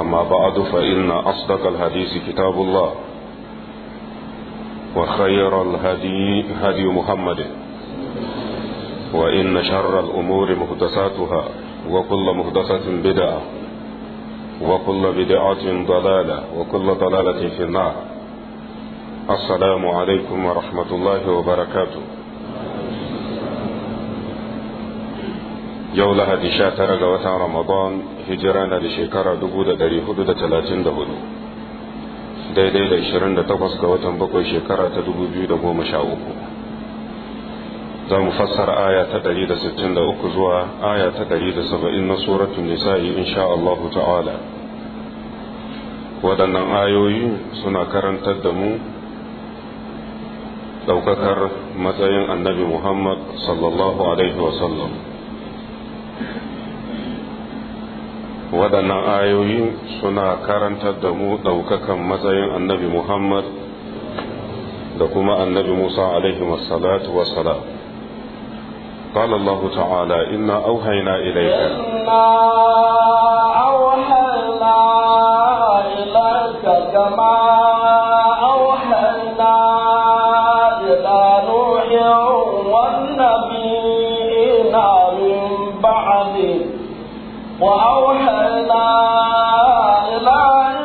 أما بعد فإن أصدق الحديث كتاب الله وخير الهدي هدي محمد وإن شر الأمور مهدساتها وكل مهدسة بدعة وكل بدعة ضلالة وكل ضلالة في النار السلام عليكم ورحمة الله وبركاته yau lahadi sha tara ga watan ramadan hijira na da shekara dubu da dari hudu da talatin da hudu daidai da ishirin da takwas ga watan bakwai shekara ta dubu biyu da goma sha uku za mu fassara aya ta dari da sittin da uku zuwa aya ta dari da saba'in na suratun nisa'i insha Allahu ta'ala waɗannan ayoyi suna karantar da mu ɗaukakar matsayin annabi muhammad sallallahu alaihi wasallam waɗannan ayoyi suna karantar da mu ɗaukakan matsayin annabi muhammad da kuma annabi musa alaihi wassalatu wassalam قال الله تعالى إنا أوحينا إليك إنا أوحينا إليك كما أوحينا وأوحينا إلى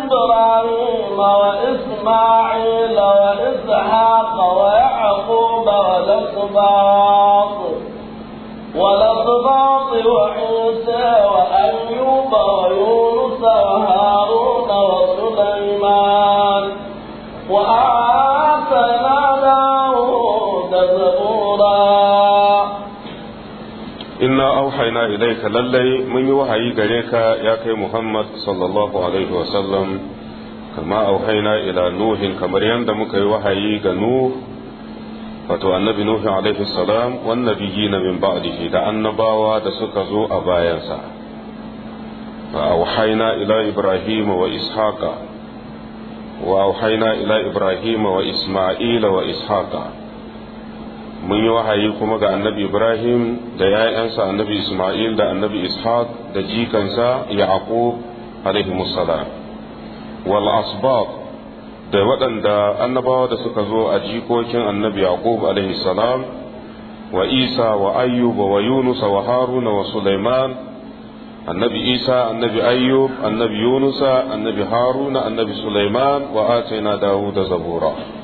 إبراهيم وإسماعيل وإسحاق ويعقوب والأسباط والأسباط وعيسى وأيوب inna auhaina ilaika lallai mun yi wahayi gare ka ya kai Muhammad sallallahu alaihi wa wasallam kama auhaina ila nuhin kamar yadda muka yi wahayi ga nuh wato annabi nuhu alaihi salam wan na min ba'dihi da annabawa da suka zo a bayansa fa auhaina ila ibrahim wa ishaqa wa auhaina ila ibrahim wa isma'ila wa ishaqa mun yi wahayi kuma ga annabi ibrahim da ya'yansa annabi isma'il da annabi ishaq da jikansa yaqub alaihi musallam wal asbab da waɗanda annabawa da suka zo a jikokin annabi yaqub alaihi salam wa isa wa ayyub wa yunus wa haruna wa sulaiman annabi isa annabi ayyub annabi yunus annabi haruna annabi sulaiman wa atayna dawuda zabura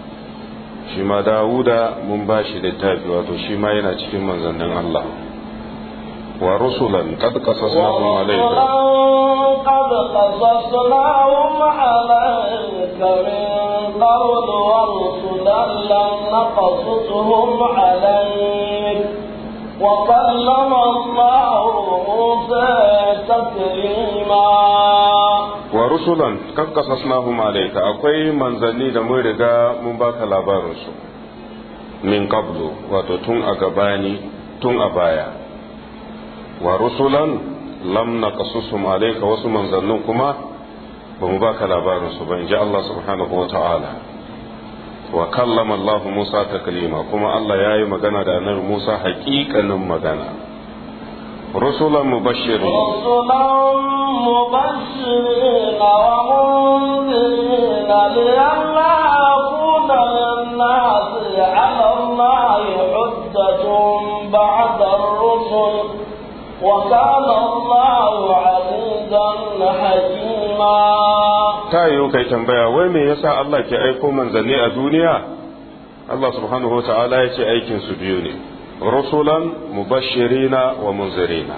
shi ma dawuda mun ba shi littafi wato shi ma yana cikin manzannin Allah wa rusulan qad qasasnahum alayka qad qasasnahum alayka min wa rusulan lam naqasuhum alayk wa kallama Allah Musa taklima rusulan kan kasasnahum alayka akwai manzanni da mun riga mun baka labarin min qablu wato tun a gabani tun a baya wa rusulan lam naqasusum alayka wasu manzannin kuma ba mu baka labarinsu su ba inji Allah subhanahu wa ta'ala wa kallama Allah Musa kuma Allah yayi magana da annabi Musa haƙiƙanin magana رسلا مبشرين رسلا مبشرين ومنذرين لئلا يكون للناس على الله حجة بعد الرسل وكان الله عزيزا حكيما تايو كي تنبيا ويمي يسعى الله كي أيكم منزلني الدنيا الله سبحانه وتعالى يتي أيكم سبيوني rusulan mubashirina wa munzirina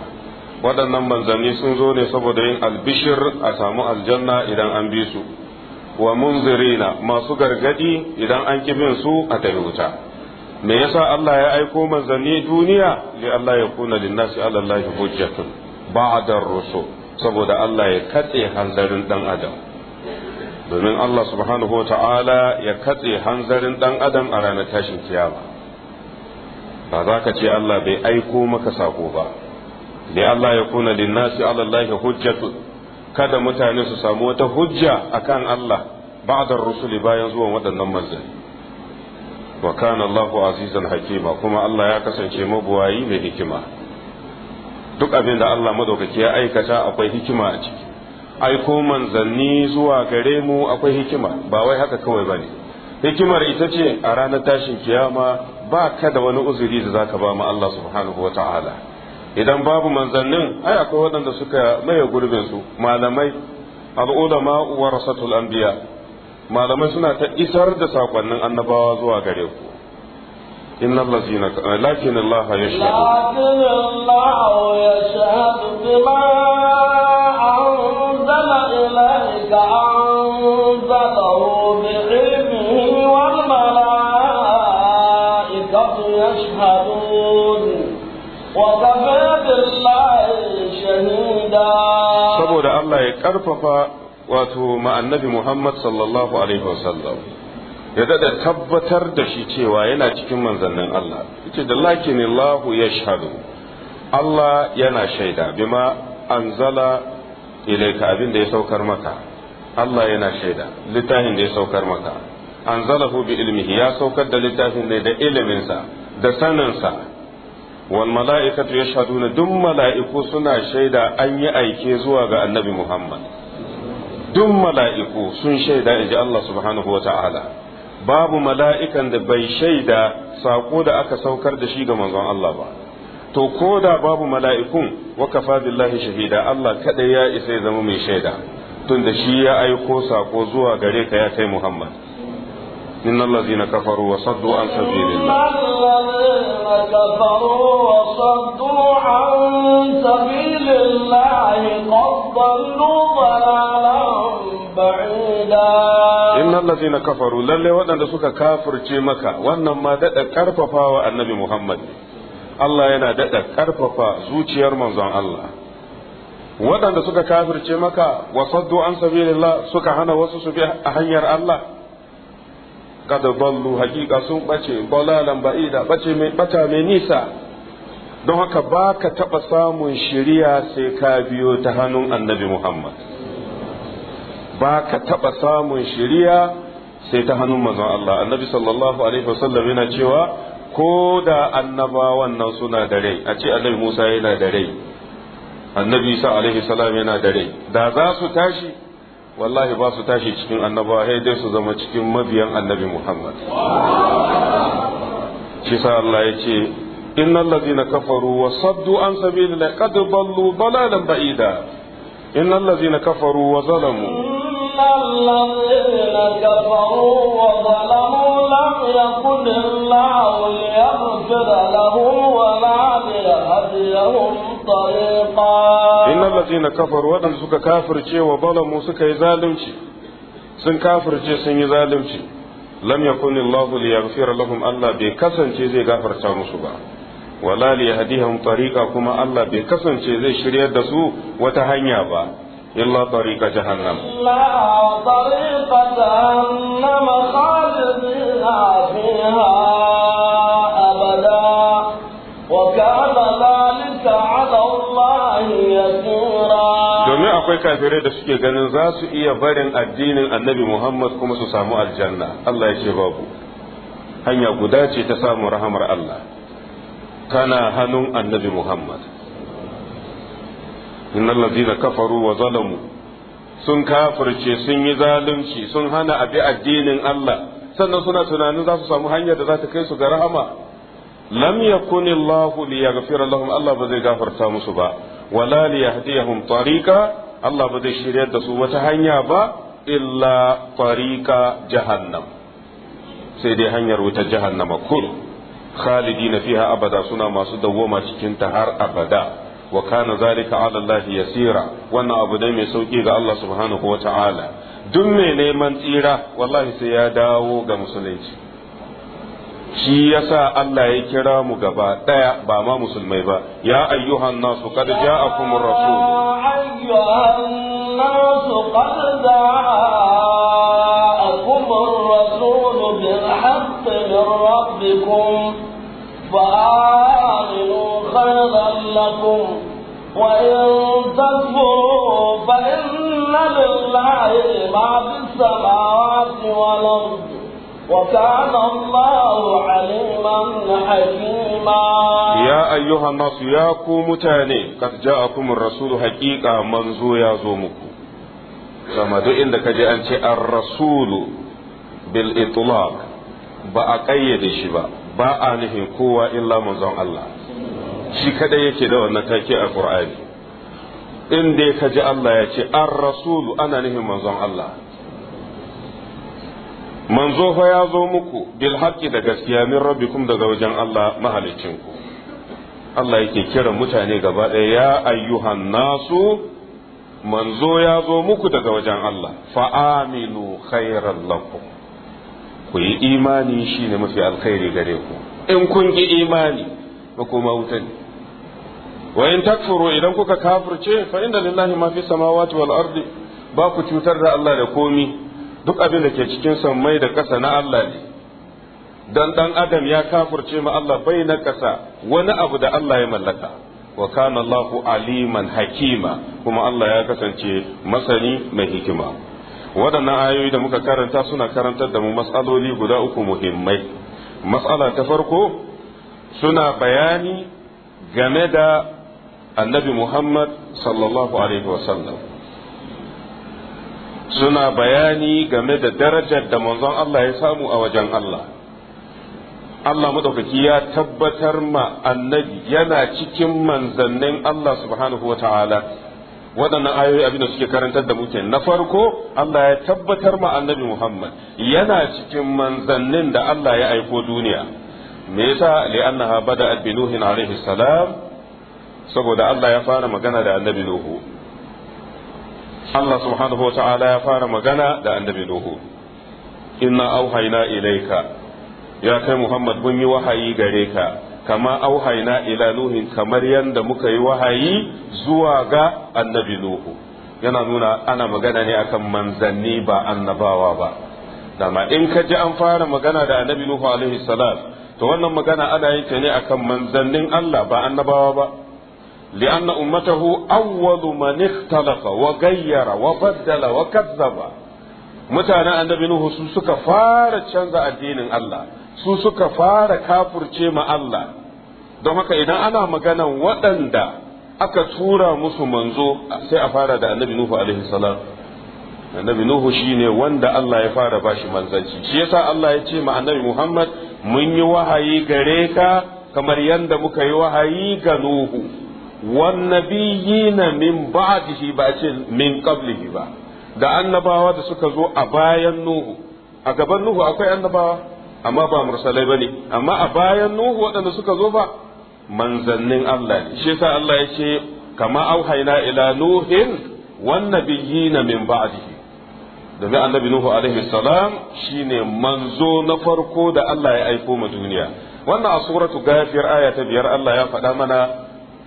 waɗannan manzanni sun zo ne saboda yin albishir a samu aljanna idan an bi su wa munzirina masu gargadi idan an ki bin su a tafi wuta me yasa Allah ya aiko manzanni duniya li Allah ya kuna linnasi ala Allah hujjatun ba'da rusul saboda Allah ya katse hanzarin dan adam domin Allah subhanahu wa ta'ala ya katse hanzarin dan adam a ranar tashin kiyama ba za ka ce Allah bai aiko maka sako ba li Allah ya kuna linnasi ala Allah hujjatu kada mutane su samu wata hujja akan Allah ba'da rusuli bayan zuwan waɗannan manzanni wa kana Allahu azizan hakima kuma Allah ya kasance mabuwayi mai hikima duk abin da Allah madaukaki ya aikata akwai hikima a ciki aiko manzanni zuwa gare mu akwai hikima ba wai haka kawai bane hikimar ita ce a ranar tashin kiyama ba ka da wani uzuri da za ka ba mu Allah subhanahu wa ta'ala idan babu manzannin ai akwai waɗanda suka maye gurbin su malamai al'ulama rasatul anbiya malamai suna ta isar da sakonnin annabawa zuwa gare ku إن الذين لكن الله يشهد لكن الله يشهد بما أنزل Allah ya karfafa wato ma'annabi Muhammad sallallahu alaihi wasallam ya daɗe tabbatar da shi cewa yana cikin manzannin Allah yace da lakin Allah yashhadu Allah yana shaida bima anzala ilayka abin da ya saukar maka Allah yana shaida littafin da ya saukar maka anzalahu bi ilmihi ya saukar da littafin ne da iliminsa da saninsa wal mala'ikatu yashhaduna duk mala'iku suna shaida an yi aike zuwa ga annabi Muhammad duk mala'iku sun shaida inji Allah subhanahu wata'ala babu mala'ikan da bai shaida sako da aka saukar da shi ga manzon Allah ba to ko da babu mala'ikun wa kafa billahi shahida Allah kaɗai ya isa ya zama mai shaida tun da shi ya aiko sako zuwa gare ka ya kai Muhammad إن الذين كفروا وصدوا عن سبيل الله عن سبيل الله قد ضلوا بعيدا إن الذين كفروا لن يودن لسوك كافر جيمك وأنما ما دأت كرففا النبي محمد Allah yana daɗa ƙarfafa zuciyar manzon Allah, waɗanda suka kafirce maka wasaddu an sabilillah suka hana wasu su bi a hanyar Allah, kada ballu hakika sun bace dalalan ba'ida bace mai bata mai nisa don haka ba ka taɓa samun shiriya sai ka biyo ta hannun annabi Muhammad ba ka taɓa samun shiriya sai ta hannun mazan Allah annabi sallallahu alaihi wasallam yana cewa ko da annabawan nan suna da rai a ce annabi Musa yana da rai annabi Isa alaihi salam yana da rai da za su tashi wallahi ba su tashi cikin annaba sai dai su zama cikin mabiyan annabi Muhammad shi sa Allah ya ce innal ladina kafaru wa saddu an sabilillahi qad dallu dalalan ba'ida innal ladina kafaru wa zalamu الذين كفروا وظلموا لم يكن الله طريقا إن الذين كفروا ودن سك كافر جي وظلموا سك يزالم جي سن كافر جي سن يزالم جي لم يكن الله ليغفر لهم ألا بكسن جي زي غفر تامسوا ولا ليهديهم طريقا كما ألا بكسن جي زي شريع دسو وتهنيا با إلا طريق جهنم لا طريق جهنم خالدين فيها domin akwai kafirai da suke ganin za su iya barin addinin annabi Muhammad kuma su samu aljanna Allah ya ce babu hanya guda ce ta samun rahamar Allah tana hannun annabi Muhammad innal ladina kafaru wa zalamu sun kafirce sun yi zalunci sun hana abi addinin Allah sannan suna tunanin za su samu hanyar da za ta kai su ga rahama lam yakuni Allah liyaghfira lahum Allah ba zai gafarta musu ba wala li yahdiyahum tariqa Allah ba zai shiryar da su wata hanya ba illa tariqa jahannam sai dai hanyar wuta jahannama kul khalidina fiha abada suna masu dawwama cikin ta har abada wa kana zalika ala Allah yasira wannan abu dai mai sauki ga Allah subhanahu wa ta'ala duk mai neman tsira wallahi sai ya dawo ga musulunci shi yasa Allah ya kira mu gaba daya ba ma musulmai ba ya ayyuhan nasu qad ja'akumur rasul ayyuhan nasu qad ja'akumur rasul bil haqqi min rabbikum fa'aminu khayran lakum وإن تكفروا فإن لله ما في السماوات والأرض وكان الله عليما حكيما يا أيها الناس يا متاني قد جاءكم الرسول حقيقة منزو يا زومك كما دو عندك جاء أنت الرسول بالإطلاق بأقيد شبا بأنه قوة إلا منزو الله shi kada yake da wannan take a Qur'ani in dai ka ji Allah ya ce ar-rasulu ana nihin manzon Allah manzo fa ya zo muku bil haqqi da gaskiya min rabbikum daga wajen Allah mahalicin ku. Allah yake kiran mutane gaba ɗaya ya ayyuhan nasu manzo ya zo muku daga wajen Allah fa aminu khairan lakum ku yi imani shine mafi alkhairi gare ku in kun ki imani ba kuma wuta ne wa in takfuru idan kuka kafirce fa inda lillahi ma fi samawati wal ardi ba ku cutar da Allah da komi duk abin da ke cikin sammai da ƙasa na Allah ne dan ɗan adam ya kafurce ma Allah bai na ƙasa wani abu da Allah ya mallaka wa kana Allahu aliman hakima kuma Allah ya kasance masani mai hikima waɗannan ayoyi da muka karanta suna karantar da mu matsaloli guda uku muhimmai matsala ta farko suna bayani game da annabi Muhammad sallallahu alaihi wasallam suna bayani game da darajar da manzon Allah ya samu a wajen Allah Allah madaukaki ya tabbatar ma annabi yana cikin manzannin Allah subhanahu wa ta'ala waɗannan ayoyi abin da suke karantar da muke na farko Allah ya tabbatar ma annabi Muhammad yana cikin manzannin da Allah ya aiko duniya me yasa li'annaha bada'at bi nuhin alaihi salam saboda Allah ya fara magana da annabi Nuhu Allah subhanahu wa ta'ala ya fara magana da annabi Nuhu inna auhayna ilayka ya kai Muhammad mun yi wahayi gare ka kama auhayna ila nuhin kamar yadda muka yi wahayi zuwa ga annabi Nuhu yana nuna ana magana ne akan manzanni ba annabawa ba dama in ka ji an fara magana da annabi Nuhu alaihi salam to wannan magana ana yin ta ne akan manzannin Allah ba annabawa ba لأن أمته أول من اختلف وغير وبدل وكذب متانا النبي نوح su suka fara canza addinin Allah su suka fara kafurce ma Allah don haka idan ana maganar waɗanda aka tura musu manzo sai a fara da annabi nuhu alaihi salam annabi nuhu shine wanda Allah ya fara bashi manzanci shi yasa Allah ya ce ma annabi Muhammad mun yi wahayi gare ka kamar yadda muka yi wahayi ga nuhu wannabiyina min ba'dihi ba ce min qablihi ba da annabawa da suka zo a bayan nuhu a gaban nuhu akwai annabawa amma ba mursalai bane amma a bayan nuhu waɗanda suka zo ba manzannin Allah ne shi yasa Allah ya ce kama auhayna ila nuhin wannabiyina min ba'dihi domin annabi nuhu alaihi salam shine manzo na farko da Allah ya aiko ma duniya wannan a suratu gafiyar aya ta biyar Allah ya faɗa mana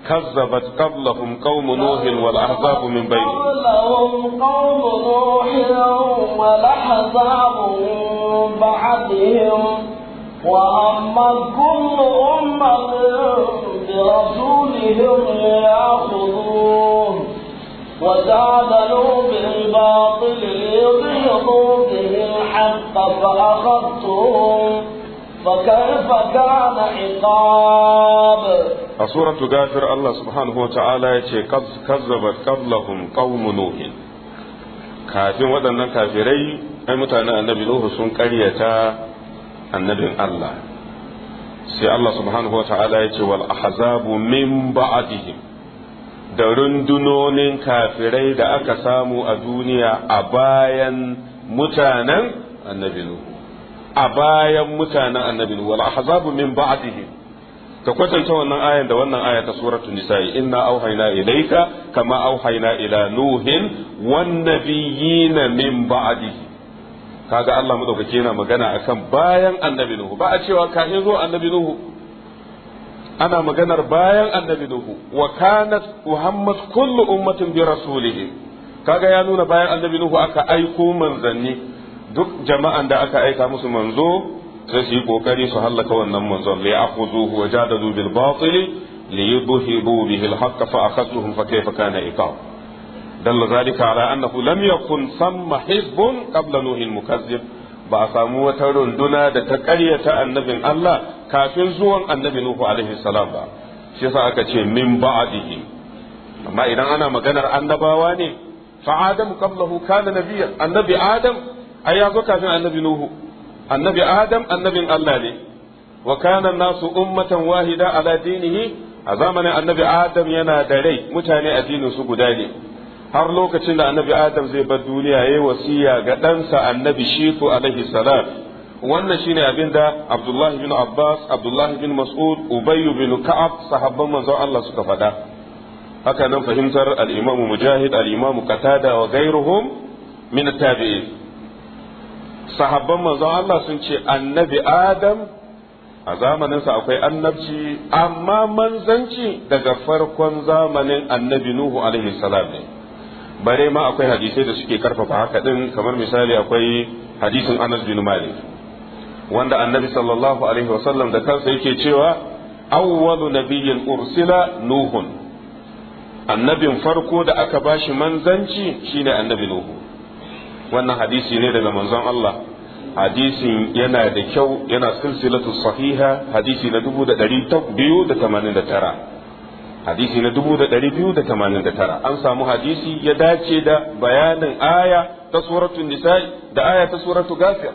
كذبت قبلهم قوم نوح والأحزاب من بينهم قبلهم قوم نوح والأحزاب من بعدهم وأما كل أمة برسولهم ليأخذوه وجادلوا بالباطل ليضيقوا به الحق فأخذتهم فكيف كان عقاب سورة غافر الله سبحانه وتعالى كذبت قبلهم قوم نوح kafin waɗannan kafirai ai mutanen annabi Nuhu sun karyata annabin Allah sai Allah subhanahu wa ta'ala ya ce wal ahzabu min ba'dihim da rundunonin kafirai da aka samu a duniya a bayan mutanen annabi Nuhu a bayan mutanen annabi wal ahzabu min ba'dihim ka kwatanta wannan ayan da wannan aya ta suratul nisa'i inna auhayna ilayka kama auhayna ila nuhin wan nabiyina min ba'dihi kaga Allah madaukake yana magana akan bayan annabi nuhu ba a cewa kafin zo annabi nuhu ana maganar bayan annabi Nuhu wa kanat Muhammad kullu ummatin bi rasulih kaga ya nuna bayan annabi Nuhu aka aiko manzanni duk jama'an da aka aika musu manzo sai su yi kokari su hallaka wannan manzon li ya'khuzuhu wa jadadu bil batil li yudhibu bihi al haqq fa akhadhuhum fa kayfa kana iqab dalla zalika ala annahu lam yakun samma hizbun qabla nuhil mukazzib ba a samu wata runduna da ta ƙaryata annabin Allah kafin zuwan annabi Nuhu alaihi salam ba shi yasa aka ce min ba'dihi amma idan ana maganar annabawa ne fa adam qablahu kana nabiyyan annabi adam ai ya zo kafin annabi nuhu annabi adam annabin Allah ne wa kana nasu ummatan wahida ala dinihi a zamanin annabi adam yana da rai mutane addinin su guda ne har lokacin da annabi adam zai bar duniya yayi wasiya ga ɗansa annabi shitu alaihi salam wannan shine abin da abdullahi bin abbas abdullahi bin mas'ud ubayyu bin ka'ab sahabban manzon Allah suka faɗa haka nan fahimtar al mujahid al-imam qatada wa ghayruhum min at-tabi'in sahabban manzon Allah sun ce annabi Adam a zamaninsa akwai annabci amma manzanci daga farkon zamanin annabi Nuhu alaihi salam ne bare ma akwai hadisai da suke karfafa haka din kamar misali akwai hadisin Anas bin Malik wanda annabi sallallahu alaihi wasallam da kansa yake cewa awwalu nabiyyin ursila nuhun annabin farko da aka bashi manzanci shine annabi Nuhu wannan hadisi ne daga manzon Allah hadisin yana da kyau yana silsilatu sahiha hadisi na dubu hadisi na dubu an samu hadisi ya dace da bayanin aya ta suratun nisa'i da aya ta suratu gafir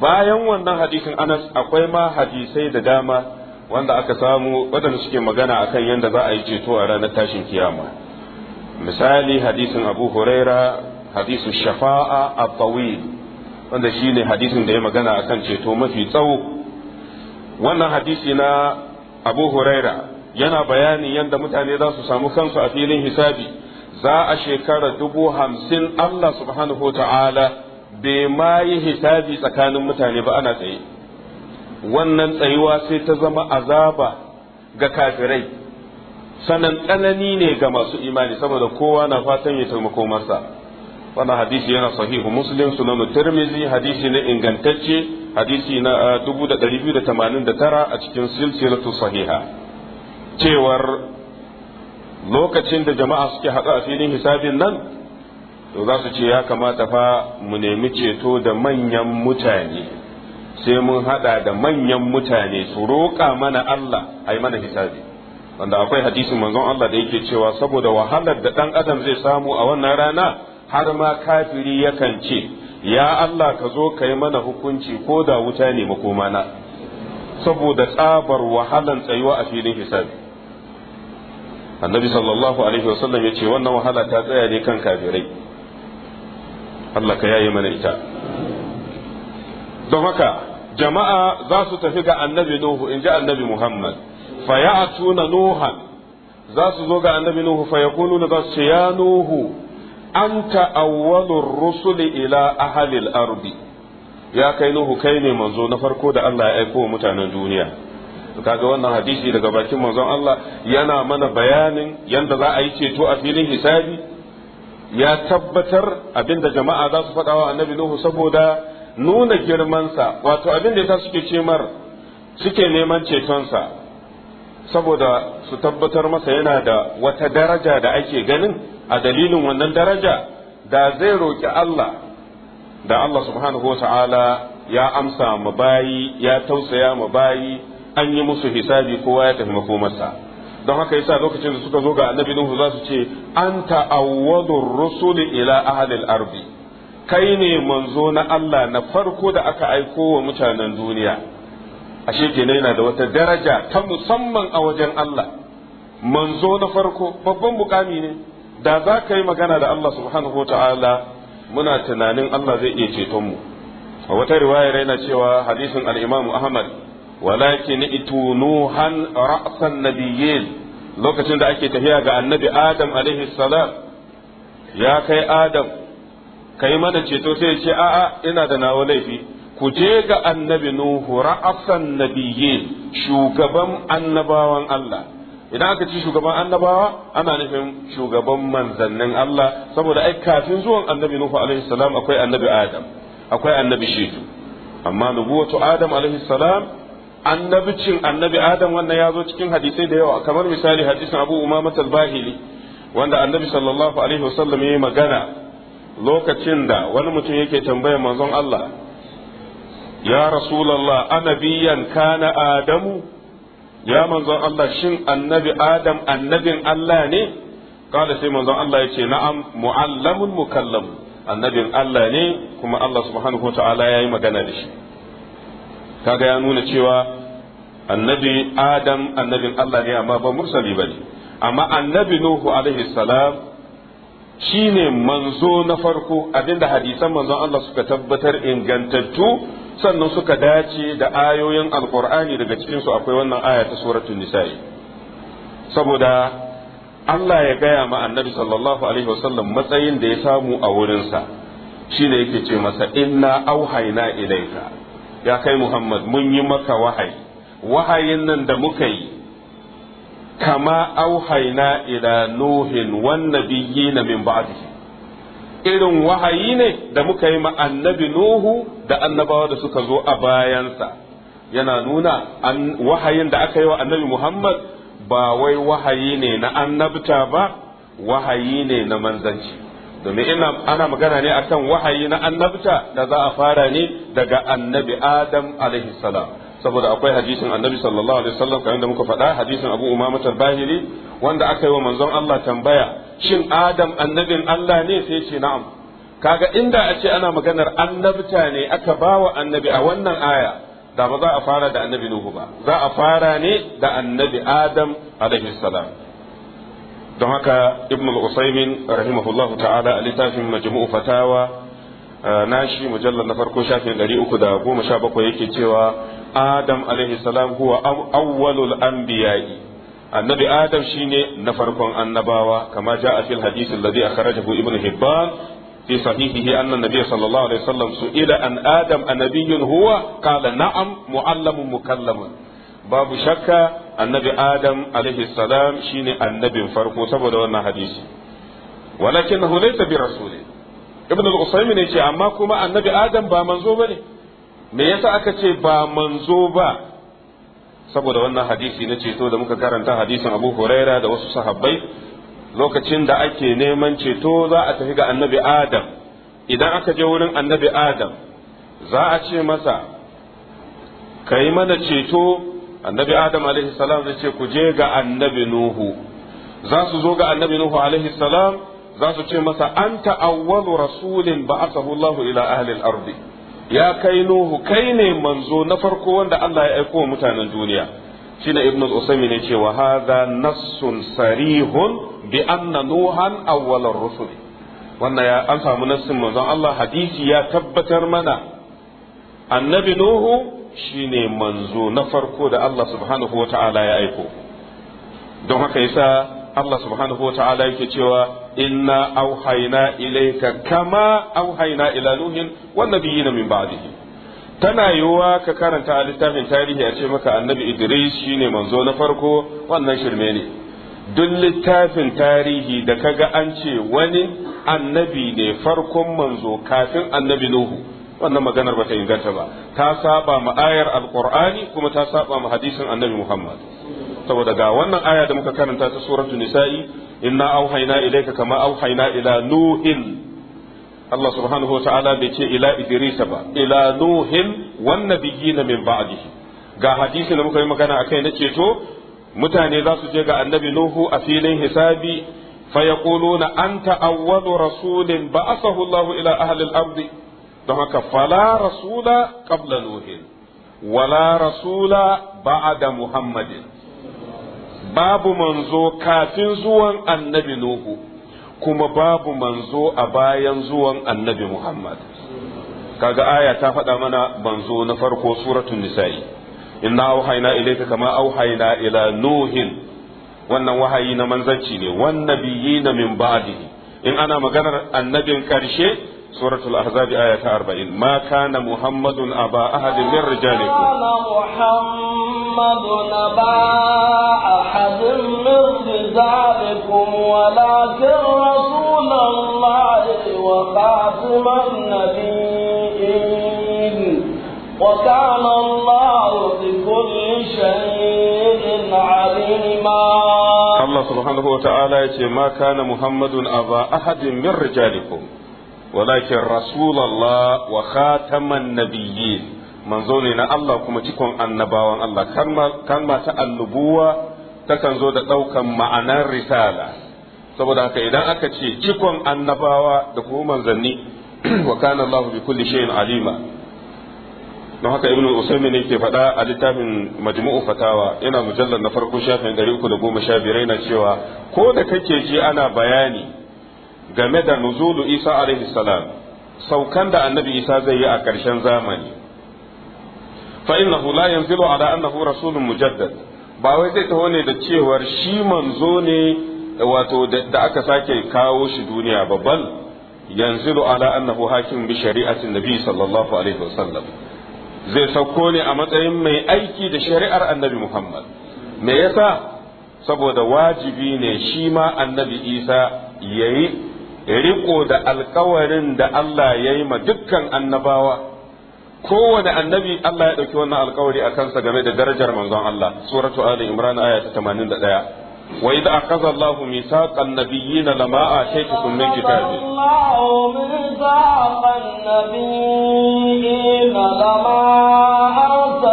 bayan wannan hadisin anas akwai ma hadisai da dama wanda aka samu waɗanda suke magana akan yadda za a yi ceto a ranar tashin kiyama misali hadisin abu huraira hadisu shafa'a a tawil wanda shi ne hadisin da ya magana akan ceto mafi tsawo wannan hadisi na abu huraira yana bayani yadda mutane za su samu kansu a filin hisabi za a shekara dubu hamsin allah subhanahu ta'ala bai ma yi hisabi tsakanin mutane ba ana tsaye wannan tsayuwa sai ta zama azaba ga kafirai sanan tsanani ne ga masu imani saboda kowa na fatan ya taimako masa wannan hadisi yana sahihu muslim sunan tirmizi hadisi ne ingantacce hadisi na 2289 ah, a cikin silsilatu sahiha cewar lokacin da jama'a suke haɗu a filin hisabin nan to za su ce ya kamata fa mu nemi ceto da manyan mutane sai mun hada da manyan mutane su roƙa mana Allah ai mana hisabi wanda akwai hadisin manzon Allah da yake cewa saboda wahalar da ɗan adam zai samu a wannan rana har ma kafiri yakan ce ya Allah ka zo ka yi mana hukunci ko da wuta ne makomana saboda tsabar wahalan tsayuwa a filin hisabi annabi sallallahu alaihi wasallam ya ce wannan wahala ta tsaya ne kan kafirai Allah ka yaye mana ita don haka jama'a za su tafi ga annabi nuhu in ji annabi muhammad fa ya nuhan za su zo ga annabi nuhu fa ya za su ce ya nuhu anta awwalur rusuli ila ahalil ardi ya kai nuhu kai ne manzo na farko da Allah ya aiko wa mutanen duniya kaga wannan hadisi daga bakin manzon Allah yana mana bayanin yanda za a yi ceto a filin hisabi ya tabbatar abinda jama'a za su faɗa wa annabi nuhu saboda nuna girmansa wato abinda ya suke ce suke neman cetonsa saboda su tabbatar masa yana da wata daraja da ake ganin a dalilin wannan daraja da zai roƙi Allah da Allah subhanahu wa ta'ala ya amsa ma bayi ya tausaya ma bayi an yi musu hisabi kowa ya tafi makomarsa don haka yasa lokacin da suka zo ga annabi Nuhu za su ce anta awwadur rusul ila ahli al-ardi kai ne manzo na Allah na farko da aka aiko wa mutanen duniya ashe kenan yana da wata daraja ta musamman a wajen Allah manzo na farko babban mukami ne da za ka yi magana da Allah subhanahu wa ta'ala muna tunanin Allah zai iya ceton mu a wata riwayar yana cewa hadisin al-Imam Ahmad walakin nuhan ra'san nabiyyin lokacin da ake tafiya ga annabi Adam alaihi salam ya kai Adam kai mana ceto sai ya ce a'a ina da nawa laifi ku je ga annabi Nuhu ra'san nabiyyin shugaban annabawan Allah idan aka ci shugaban annabawa ana nufin shugaban manzannin Allah saboda ai kafin zuwan annabi Nuhu alaihi salam akwai annabi Adam akwai annabi Shitu amma nubuwatu Adam alaihi salam annabicin annabi Adam wannan ya zo cikin hadisai da yawa kamar misali hadisin Abu Umama al-Bahili wanda annabi sallallahu alaihi wasallam ya yi magana lokacin da wani mutum yake tambayar manzon Allah ya rasulullah anabiyan kana adamu ya manzon Allah shin annabi Adam annabin Allah ne kada sai manzon Allah ya ce na'am mu'allamun mukallam annabin Allah ne kuma Allah subhanahu wata'ala ya yi magana da shi kaga ya nuna cewa annabi Adam annabin Allah ne amma ba mursali ba ne amma annabi Nuhu alaihi salam shine manzo na farko abinda hadisan manzon Allah suka tabbatar ingantattu sannan suka dace da ayoyin alkur'ani daga cikinsu akwai wannan aya ta suratul nisa'i saboda Allah ya gaya ma annabi sallallahu alaihi wasallam matsayin da ya samu a wurinsa shine yake ce masa inna auhayna ilaika ya kai muhammad mun yi maka wahayi wahayin nan da muka yi kama auhayna ila nuhin wan nabiyina min ba'dihi irin wahayi ne da muka yi ma annabi Nuhu da annabawa da suka zo a bayansa yana nuna wahayin da aka yi wa annabi Muhammad ba wai wahayi ne na annabta ba wahayi ne na manzanci domin ina ana magana ne akan wahayi na annabta da za a fara ne daga annabi Adam alaihi salam saboda akwai hadisin annabi sallallahu alaihi wasallam kamar da muka faɗa hadisin abu umama al-bahili wanda aka yi wa manzon Allah tambaya shin adam annabin Allah ne sai ce na'am kaga inda a ce ana maganar annabta ne aka bawa annabi a wannan aya da ba za a fara da annabi nuhu ba za a fara ne da annabi adam alaihi salam don haka ibn al-usaymin rahimahullahu ta'ala a littafin majmu'u fatawa eh, nashi mujallal na farko shafin 317 yake cewa adam alaihi salam huwa awwalul anbiya'i annabi adam shine na farkon annabawa kama jaa fil hadith alladhi akhrajahu ibnu hibban fi sahihihi anna nabiy sallallahu alaihi wasallam su'ila an adam anabiyyun huwa qala na'am mu'allamun mukallamun babu shakka annabi adam alaihi salam shine annabin farko saboda wannan hadisi walakin hu laysa bi rasulin ibn al-usaymin yace amma kuma annabi adam ba manzo bane me yasa aka ce ba manzo ba saboda wannan hadisi na ceto da muka karanta hadisin abu huraira da wasu sahabbai lokacin da ake neman ceto za a tafi ga annabi adam idan aka je wurin annabi adam za a ce masa ka yi mana ceto annabi adam alaihi salam zai ce ku je ga annabi nuhu za su zo ga annabi nuhu alaihi salam za su ce masa anta awwalu rasulin ba'athahu Allahu ila ahli al-ardi ya kai nuhu kai ne manzo na farko wanda Allah ya aiko wa mutanen duniya shine ibn al ya ne cewa hadha nassun sarihun bi anna nuhan awwalar rusul wannan ya an samu nassin manzon Allah hadisi ya tabbatar mana annabi nuhu shine manzo na farko da Allah subhanahu wa ta'ala ya aiko don haka yasa Allah subhanahu wata'ala yake cewa inna auhayna ilayka kama auhayna ila nuhin wan nabiyina min ba'dihi tana yiwuwa ka karanta a littafin tarihi a ce maka annabi Idris shine manzo na farko wannan shirme ne duk littafin tarihi da kaga an ce wani annabi ne farkon manzo kafin annabi Nuhu wannan maganar bata inganta ba ta saba ma ayar alqur'ani kuma ta saba ma hadisin annabi Muhammad saboda ga wannan aya da muka karanta ta suratul nisa'i inna auhayna ilayka kama ila nuhin Allah subhanahu wa bai ce ila idris ba ila nuhin wan nabiyina min ba'dihi ga hadisi da muka yi magana akai na ceto mutane za su je ga annabi nuhu a filin hisabi فيقولون أنت أول رسول بعثه الله إلى أهل الأرض دهك فلا رسول قبل نوح ولا رسول بعد محمد babu manzo kafin zuwan annabi Nuhu kuma babu manzo a bayan zuwan annabi Muhammad kaga aya ta faɗa mana manzo na farko suratul nisa'i inna auhayna ilayka kama auhayna ila nuhin wannan wahayi na manzanci ne wannabiyina biyina min ba'dihi in ana maganar annabin ƙarshe. suratul ahzab aya ta 40 ma kana muhammadun aba ahad min rijalikum muhammadun aba ahad min rijalikum walakin rasulullahi wa khataman nabiyyin وكان الله بكل شيء عليما الله سبحانه وتعالى يقول ما كان محمد أبا أحد من رجالكم walakin rasulullah wa khataman nabiyyin manzo ne na Allah kuma cikon annabawan Allah kalma ta annubuwa takan zo da ɗaukan ma'anar risala saboda haka idan aka ce cikon annabawa da kuma manzanni wa kana Allah bi kulli shay'in alima don haka ibnu usaymin ne ke faɗa a littafin majmu'u fatawa yana mujallar na farko shafin 315 yana cewa ko da kake ji ana bayani game da nuzulu isa alaihi salam saukan da annabi isa zai yi a ƙarshen zamani fa innahu la yanzilu ala annahu rasulun mujaddad ba wai zai taho ne da cewar shi manzo ne wato da aka sake kawo shi duniya babban yanzilu ala annahu hakim bi shari'atin nabi sallallahu alaihi wasallam zai sauko ne a matsayin mai aiki da shari'ar annabi muhammad me yasa saboda wajibi ne shi ma annabi isa yayi riko da alkawarin da Allah ya yi ma dukkan annabawa kowane annabi Allah ya ɗauki wannan alkawari a kansa game da darajar manzon Allah suratu ali imran aya ta 81 ɗaya wai da ميثاق النبيين لما آتيتكم من كتاب الله ميثاق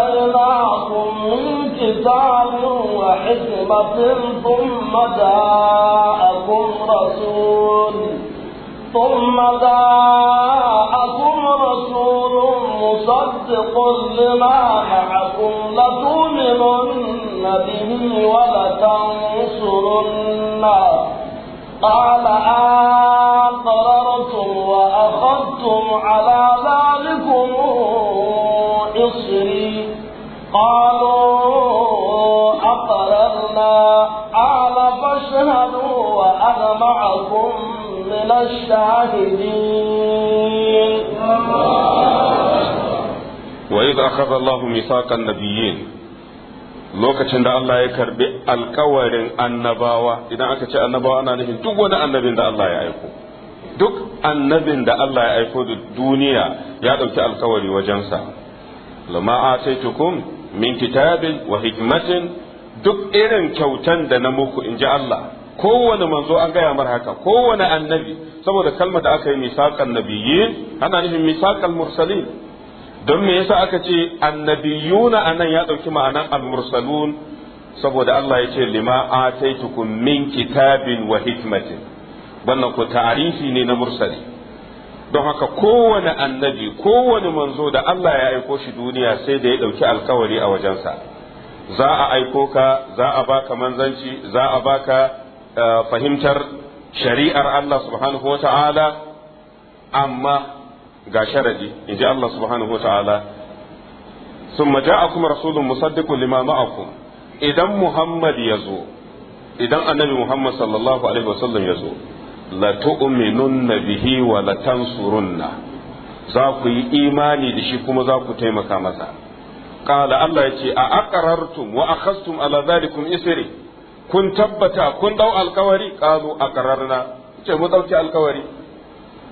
النبيين كتاب وحكمة ثم جاءكم رسول ثم جاءكم رسول مصدق لما معكم لتؤمنن به ولتنصرن قال أقررتم وأخذتم على ذلكم إصري قالوا أقررنا قال فاشهدوا وأنا معكم من الشاهدين وإذ أخذ الله ميثاق النبيين lokacin da Allah ya karbi alkawarin annabawa idan aka ce annabawa ana nufin duk wani annabin da Allah ya aiko duk annabin da Allah ya aiko da duniya ya ɗauki alkawari wajensa lama a min kitabin wa hikmatin duk irin kyautan da na muku in ji Allah kowane manzo an gaya mar haka kowane annabi saboda kalma da aka yi misaƙan nabiyyin ana nufin misaƙan mursalin don me yasa aka ce annabiyuna anan ya ɗauki ma'anan al-mursalun saboda Allah ya ce lima ataitukum min kitabin wa hikmatin wannan ko ta'arifi ne na mursali don haka kowane annabi kowane manzo da Allah ya aiko shi duniya sai da ya ɗauki alkawari a wajensa za a aiko ka za a baka manzanci za a baka eh, fahimtar shari'ar Allah subhanahu wa ta'ala amma ga sharadi in ji Allah subhanahu wa ta'ala ثم جاءكم رسول مصدق لما معكم idan Muhammad ya zo idan annabi Muhammad sallallahu alaihi wasallam ya zo latu'minunna bihi wa latansurunna za ku yi imani da shi kuma za ku taimaka masa qala Allah yace a aqrartum wa akhastum ala dhalikum isri kun tabbata kun dau alkawari qalu aqrarna ce mu dauki alkawari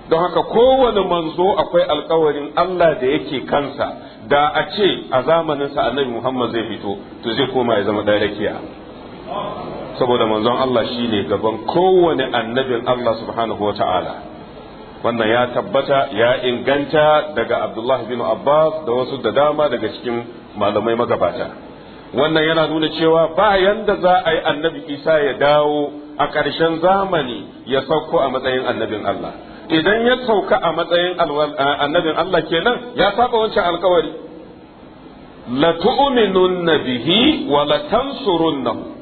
don haka kowane manzo akwai alkawarin Allah da yake kansa da a ce a zamaninsa annabi Muhammad zai fito to zai koma ya zama darakiya saboda manzon Allah shine gaban kowane annabin Allah subhanahu wa ta'ala wannan ya tabbata ya inganta daga Abdullah bin Abbas da wasu da dama daga cikin malamai magabata wannan yana nuna cewa bayan da za a yi annabi Isa ya dawo a ƙarshen zamani ya sauko a matsayin annabin Allah idan ya sauka a matsayin annabin Allah kenan ya saba wancan alkawari la tu'minunna bihi wa la tansurunnahu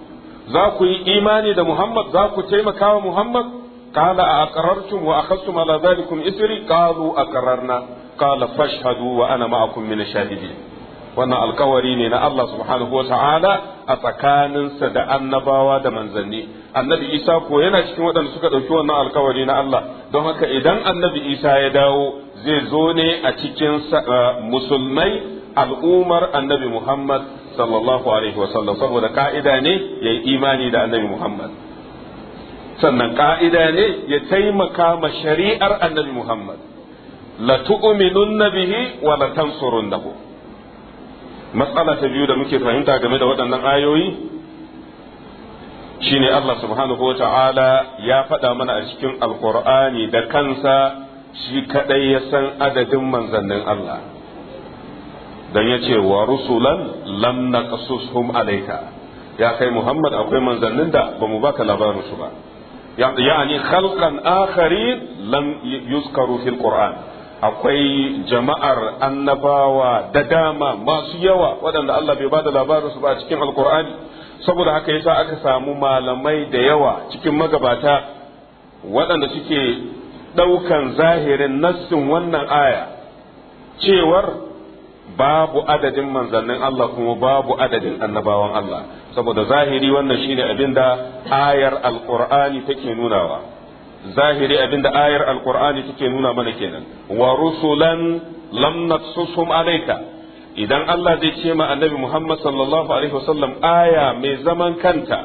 za ku yi imani da Muhammad za ku taimaka wa Muhammad Kala a aqrartum wa isiri, ala a isri qalu aqrarna qala fashhadu wa ana ma'akum min ash wannan alkawari ne na Allah subhanahu wa ta'ala a tsakaninsa da annabawa da manzanni annabi Isa ko yana cikin waɗanda suka ɗauki wannan alkawari na Allah don haka idan annabi Isa ya dawo zai zo ne a cikin uh, musulmai Al'ummar annabi Muhammad sallallahu alaihi wasallam saboda ka'ida ne ya yi imani da annabi Muhammad sannan ka'ida ne ya taimaka ma shari'ar annabi Muhammad la tu'minunna bihi wa la tansurunnahu matsala ta biyu da muke fahimta game da waɗannan ayoyi shine Allah subhanahu wa ta'ala ya faɗa mana a cikin alkur'ani da kansa shi kaɗai ya san adadin manzannin Allah dan ce wa rusulan lam naqsushum alaika ya kai muhammad akwai manzannin da bamu baka labarin su ba yani khalqan akharin lam yuzkaru fil qur'an akwai jama'ar annabawa da dama masu yawa waɗanda Allah bai bada labarin su ba a cikin alqur'ani saboda haka yasa aka samu malamai da yawa cikin magabata waɗanda suke ɗaukan zahirin nassin wannan aya cewar babu adadin manzannin Allah kuma babu adadin annabawan Allah saboda zahiri wannan shine abinda ayar alqur'ani take nunawa zahiri abinda ayar alqur'ani take nuna mana kenan wa rusulan lam naqsusum alayka idan Allah zai ce ma annabi Muhammad sallallahu alaihi wasallam aya mai zaman kanta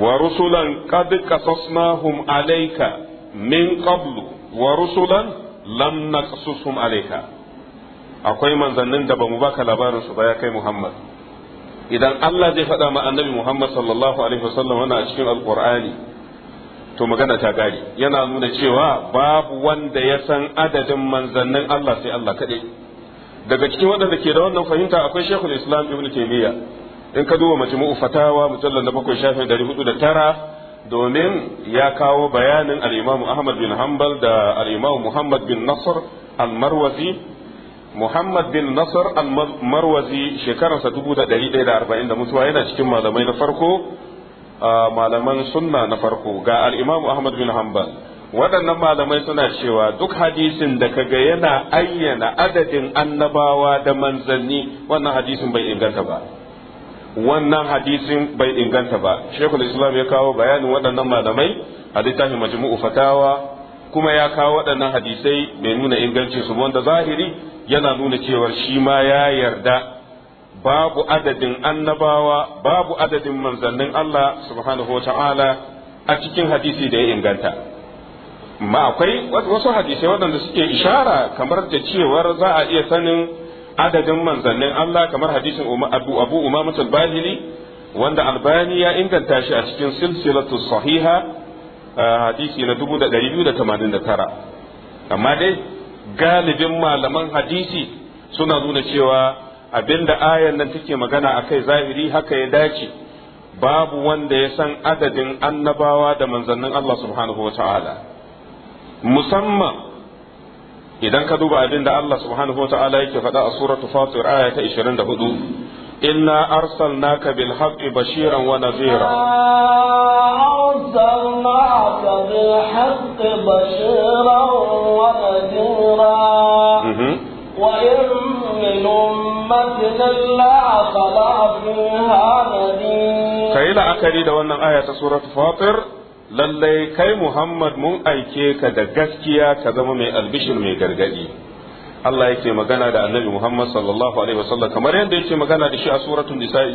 wa rusulan qad qasasnahum alayka min qablu wa rusulan lam naqsusum alayka akwai manzannin da mu baka labarin su ba ya kai Muhammad idan Allah zai faɗa ma annabi Muhammad sallallahu alaihi wasallam wannan a cikin alqur'ani to magana ta gari yana nuna cewa babu wanda ya san adadin manzannin Allah sai Allah kaɗai daga cikin waɗanda ke da wannan fahimta akwai Sheikhul Islam Ibn Taymiyyah in ka duba majmu'u fatawa mujallal da bakwai shafin dari hudu da tara domin ya kawo bayanin al-Imam Ahmad bin Hanbal da al-Imam Muhammad bin Nasr al-Marwazi Muhammad bin Nasar al-Marwazi shekararsa dubu da mutuwa yana cikin malamai na farko malaman sunna na farko ga al-Imam Ahmad bin Hanbal waɗannan malamai suna cewa duk hadisin da kaga yana ayyana adadin annabawa da manzanni wannan hadisin bai inganta ba wannan hadisin bai inganta ba Sheikhul Islam ya kawo bayanin waɗannan malamai a littafin majmu'u fatawa kuma ya kawo waɗannan hadisai bai nuna ingancin su wanda zahiri yana nuna cewar shi ma ya yarda babu adadin annabawa babu adadin manzannin Allah subhanahu wa ta'ala a cikin hadisi da ya inganta ma akwai wasu hadisai waɗanda suke ishara kamar da cewar za a iya sanin adadin manzannin Allah kamar hadisin abu abu umamat bahili wanda albani ya inganta shi a cikin silsilatu sahiha ah, hadisi na 2289 amma dai galibin malaman hadisi suna nuna cewa abinda ayan nan take magana akai zahiri haka ya dace babu wanda ya san adadin annabawa da manzannin Allah subhanahu wa musamman idan ka duba abinda Allah subhanahu wa yake faɗa a suratul fatir aya ta 24 إنا أرسلناك بالحق بشيرا ونذيرا أرسلناك بالحق بشيرا ونذيرا وإن من أمة إلا خلا فيها نذير كي لا أكريد وأن آية سورة فاطر lallai kai Muhammad mun aike ka da gaskiya ka zama mai albishir mai gargadi Allah yake magana da annabi Muhammad sallallahu alaihi wasallam kamar yadda yake magana da shi a suratul nisa'i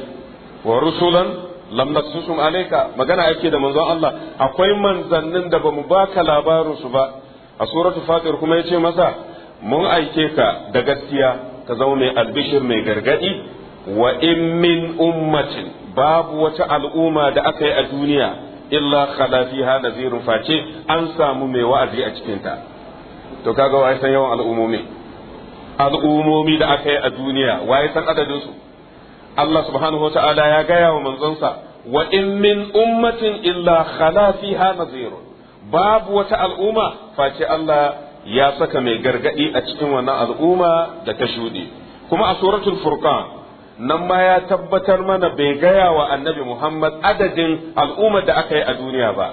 wa rusulan lam naqsusum alayka magana yake da manzon Allah akwai manzannin da bamu baka labarin su ba a suratul fatir kuma yace masa mun aike ka da gaskiya ka zama mai albishir mai gargadi wa in min ummatin babu wata al'umma da aka yi a duniya illa khala fiha nazirun face an samu mai wa'azi a cikinta to kaga wa yawan al'ummomi al'umomi da aka yi a duniya waye san adadin su Allah subhanahu ya gaya wa manzonsa wa in min ummatin illa khala fiha nazir babu wata al'umma face Allah ya saka mai gargadi a cikin wannan al'umma da ta shuɗe kuma a suratul furqan nan ma ya tabbatar mana bai gaya wa annabi Muhammad adadin al'ummar da aka yi a duniya ba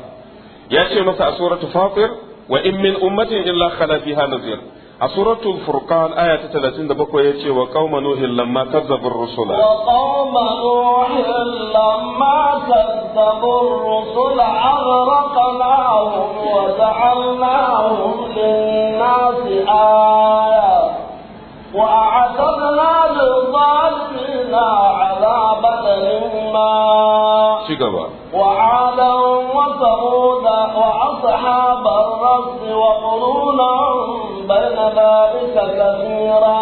ya ce masa a suratu fatir wa in min ummatin illa khala fiha nazir a suratul furqan aya ta 37 yace wa qauma nuhin lamma kazzabur rusula wa qauma nuhin lamma kazzabur rusula aghraqnahum wa ja'alnahum lin-nasi aya وأعتدنا للظالمين عذابا إما وعادا وثمودا وأصحاب الرس وقرونا بين ذلك كثيرا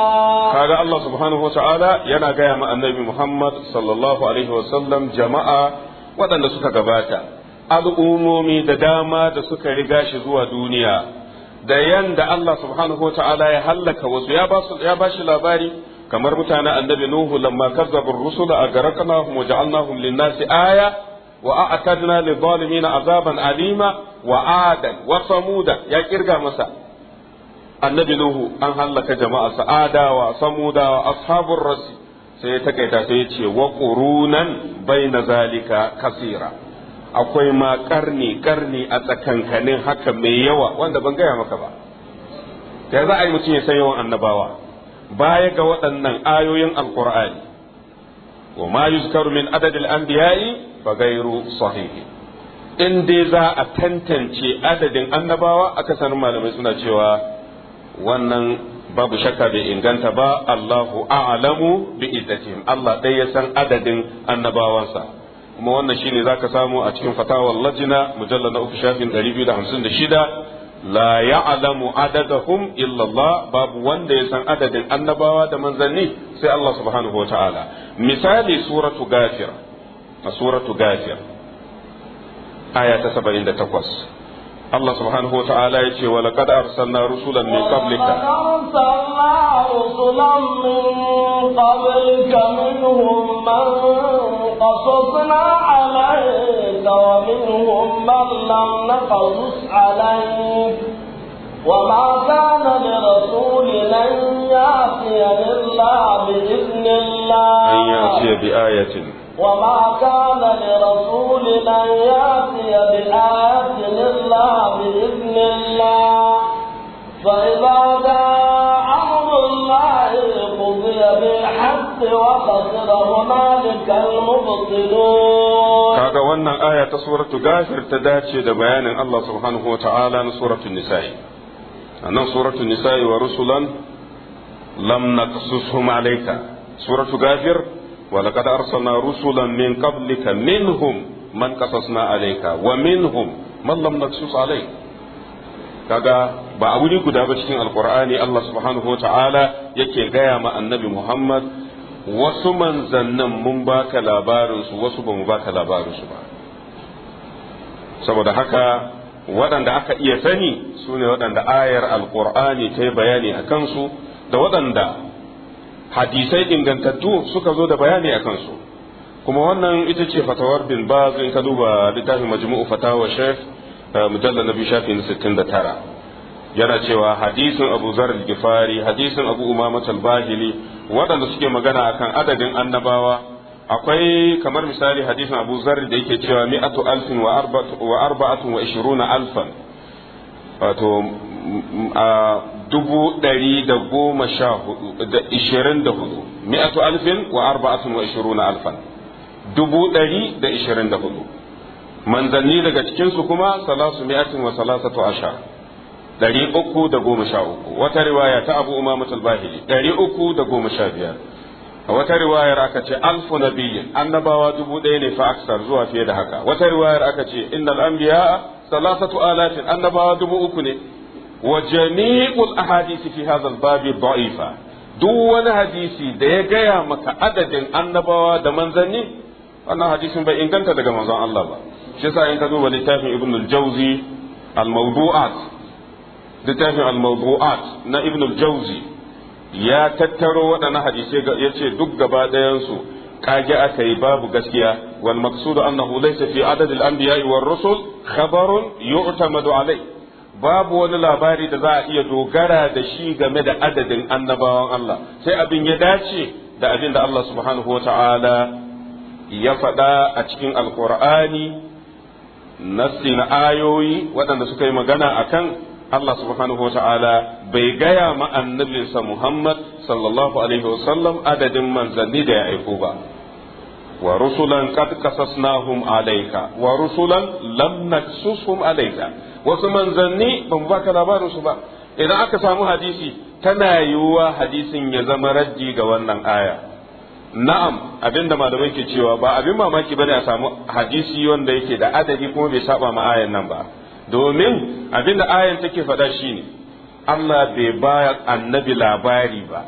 هذا الله سبحانه وتعالى ينا قيام النبي محمد صلى الله عليه وسلم جماعة waɗanda suka gabata al'umomi da dama da suka riga shi zuwa duniya da yanda Allah subhanahu ta'ala ya hallaka wasu ya ba ya shi labari kamar mutanen annabi nuhu lamma kazzabu rusula agraknahum wa lin-nasi aya wa a'tadna lidh-dhalimin azaban alima wa adan wa samuda ya kirga masa annabi nuhu an hallaka jama'a sa'adawa samudawa ashabur rasi sai ya takaita sai ya ce wa qurunan bayna zalika kasira akwai ma karni karni a tsakankanin haka mai yawa wanda ban gaya maka ba ta za a yi mutum ya san yawan annabawa baya ga waɗannan ayoyin alkur'ani wa ma yuzkaru min adadil anbiya'i fa ghairu sahihi in dai za a tantance adadin annabawa akasarin malamai suna cewa wannan babu shakka bai inganta ba Allahu a'lamu bi iddatihim Allah dai ya san adadin annabawansa kuma wannan shine zaka samu a cikin fatawar lajina mujallal na uku shafin 256 la ya'lamu adadahum illa Allah babu wanda ya san adadin annabawa da manzanni sai Allah subhanahu wataala misali suratu gafir a suratu gafir aya ta 78 الله سبحانه وتعالى يقول ولقد أرسلنا رسلا من قبلك ولقد أرسلنا رسلا من قبلك منهم من قصصنا عليك ومنهم من لم نقصص عليك وما كان لرسول أن يأتي إلا بإذن الله أن يأتي بآية وما كان لرسول أن يأتي بآية إلا بإذن الله فإذا جاء أمر الله قضي بالحق وخسر هنالك المبطلون هذا وانا آية سورة غافر تداتي بيان الله سبحانه وتعالى سورة النساء أنا سورة النساء ورسلا لم نقصصهم عليك سورة غافر ولقد أرسلنا رسلا من قبلك منهم من قصصنا عليك ومنهم من لم نقصص عليك kaga ba abu ne guda ba cikin alkur'ani Allah subhanahu wa ta'ala yake gaya ma annabi Muhammad wasu manzannin mun baka labarinsu wasu ba mu baka labarinsu ba saboda haka waɗanda aka iya sani su ne waɗanda ayar alkur'ani ta yi bayani a kansu da waɗanda hadisai ingantattu suka zo da bayani a kansu kuma wannan ita ce fatawar bin baz in ka duba littafin majmu'u fatawa shef eh, mujalla na biyu shafin sittin da tara yana cewa hadisin abu zar gifari hadisin abu umama talbahili waɗanda suke magana akan adadin annabawa akwai kamar misali hadisin abu zar da yake cewa mi'atu alfin wa arba'atun wa ishiruna alfan wato dubu ɗari da goma sha hudu da ishirin da hudu mi'atu alfin wa arba'atun wa ishiruna alfan dubu ɗari da ishirin da hudu manzanni daga cikinsu kuma salasu mi'atun wa salasatu ashar ɗari uku da goma sha uku wata riwaya ta abu umama talbahili ɗari uku da goma sha biyar a wata riwayar aka ce alfu nabiyyin annabawa dubu ɗaya ne fa aksar zuwa fiye da haka wata riwayar aka ce innal anbiya salasatu alafin annabawa dubu uku ne wa jami'ul ahadisi fi hadha babu da'ifa duk wani hadisi da ya gaya maka adadin annabawa da manzanni wannan hadisin bai inganta daga manzon Allah ba shi yasa in ka zo littafin ibn al-jawzi al-mawdu'at littafin na ibn al ya tattaro waɗannan hadisai ya ce duk gaba ɗayan su kage aka yi babu gaskiya wal maqsudu annahu laysa fi adad al-anbiya'i war rusul khabarun yu'tamadu alayh babu wani labari da za a iya dogara da shi game da adadin annabawan Allah sai abin ya dace da abin da Allah subhanahu wa ta'ala ya faɗa a cikin alkur'ani nassi na ayoyi waɗanda suka yi magana a kan Allah subhanahu wa ta'ala bai gaya ma annabinsa Muhammad sallallahu alaihi wasallam adadin manzanni da ya aiko ba wa rusulan qad qasasnahum alayka wa rusulan lam naksushum alayka wasu manzanni ban baka labarin su ba idan aka samu hadisi tana yiwuwa hadisin ya zama raddi ga wannan aya na'am abinda malamai ke cewa ba abin mamaki bane a samu hadisi wanda yake da adadi kuma bai saba ma ayan nan ba domin abinda ayan take faɗa ne. Allah bai ba annabi labari ba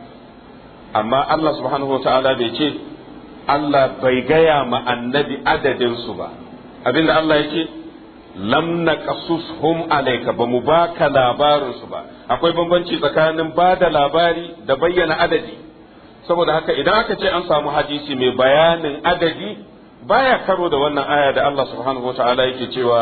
amma Allah subhanahu wa bai ce Allah bai gaya ma annabi adadin su ba abinda Allah yake lam naqasushum alayka ba mu baka labarinsu ba akwai bambanci tsakanin ba da labari da bayyana adadi saboda haka idan aka ce an samu hadisi mai bayanin adadi baya karo da wannan aya da Allah subhanahu wataala yake cewa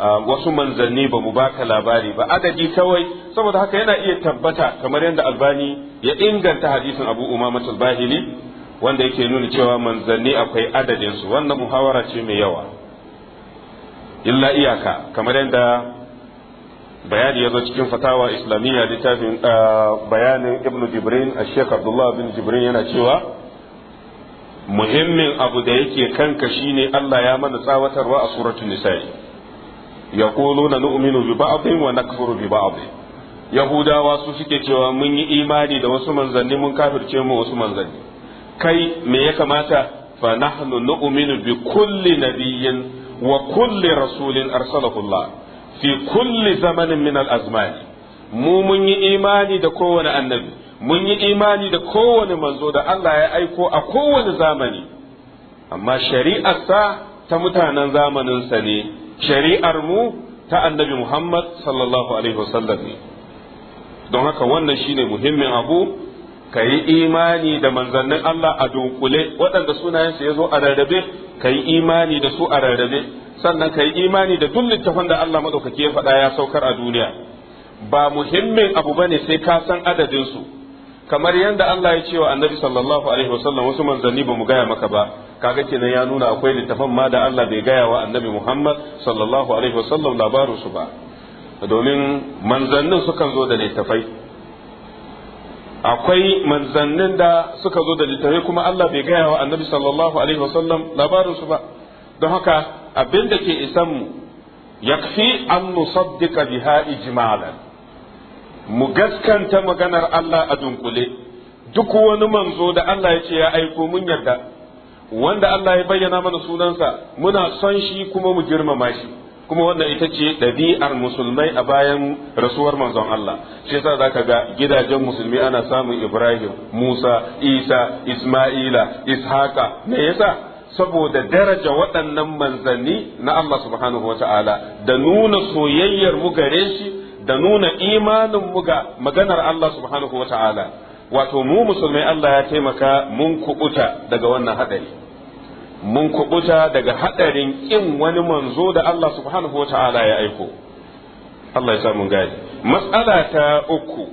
ah, wasu manzanni ba mu baka labari ba adadi kawai saboda haka yana iya tabbata kamar yadda albani ya inganta hadisin abu umama al-bahili wanda yake nuna cewa manzanni akwai adadin su wannan muhawara ce mai yawa illa iyaka kamar yadda bayani ya zo cikin fatawa islamiyya littafin ah, bayanin ibnu jibrin a sheikh abdullah bin jibrin yana cewa muhimmin abu da yake kanka shine Allah ya mana tsawatarwa a suratul nisa'i na nu'minu bi ba'dhin wa nakfuru bi ba'dhin yahudawa su suke cewa mun yi imani da wasu manzanni mun kafirce mu wasu manzanni kai me ya kamata fa nahnu nu'minu bi kulli nabiyyin wa kulli rasulin arsalahu Allah fi kulli zamanin min al mu mun yi imani da kowane annabi mun yi imani da kowane manzo da Allah ya aiko a kowane zamani amma shari'arsa ta mutanen zamaninsa ne shari'ar mu ta annabi Muhammad sallallahu alaihi wasallam ne don haka wannan shine muhimmin abu ka yi imani da manzannin Allah a dunkule waɗanda sunayensa ya zo a rarrabe ka yi imani da su a rarrabe sannan ka yi imani da duk littafin da Allah maɗaukaki ya faɗa ya saukar a duniya ba muhimmin abu bane sai ka san adadinsu kamar yadda Allah ya ce wa annabi sallallahu alaihi wasallam wasu manzanni ba mu gaya maka ba kaga kenan ya nuna akwai littafan ma da Allah bai gaya wa annabi Muhammad sallallahu alaihi wasallam labarin ba domin manzannin sukan zo da littafai akwai manzannin da suka zo da littafi kuma Allah bai gaya wa annabi sallallahu alaihi wasallam labarin su ba don haka abin da ke isan mu yakfi an nusaddiqa biha ijmalan mu gaskanta maganar Allah a dunkule duk wani manzo da Allah ya ce ya aiko mun yarda wanda Allah ya bayyana mana sunansa muna son shi kuma mu girmama shi kuma wannan ita ce ɗabi'ar musulmai a bayan rasuwar manzon Allah shi yasa zaka ga gidajen musulmi ana samun Ibrahim Musa Isa Isma'ila Ishaqa me yasa saboda daraja waɗannan manzanni na Allah subhanahu da nuna soyayyar mu gare shi da nuna imanin mu ga maganar Allah subhanahu wato mu musulmai Allah ya taimaka mun kubuta daga wannan haɗari mun kubuta daga haɗarin kin wani manzo da Allah subhanahu wa ta'ala ya aiko Allah ya sa mun Matsala ta uku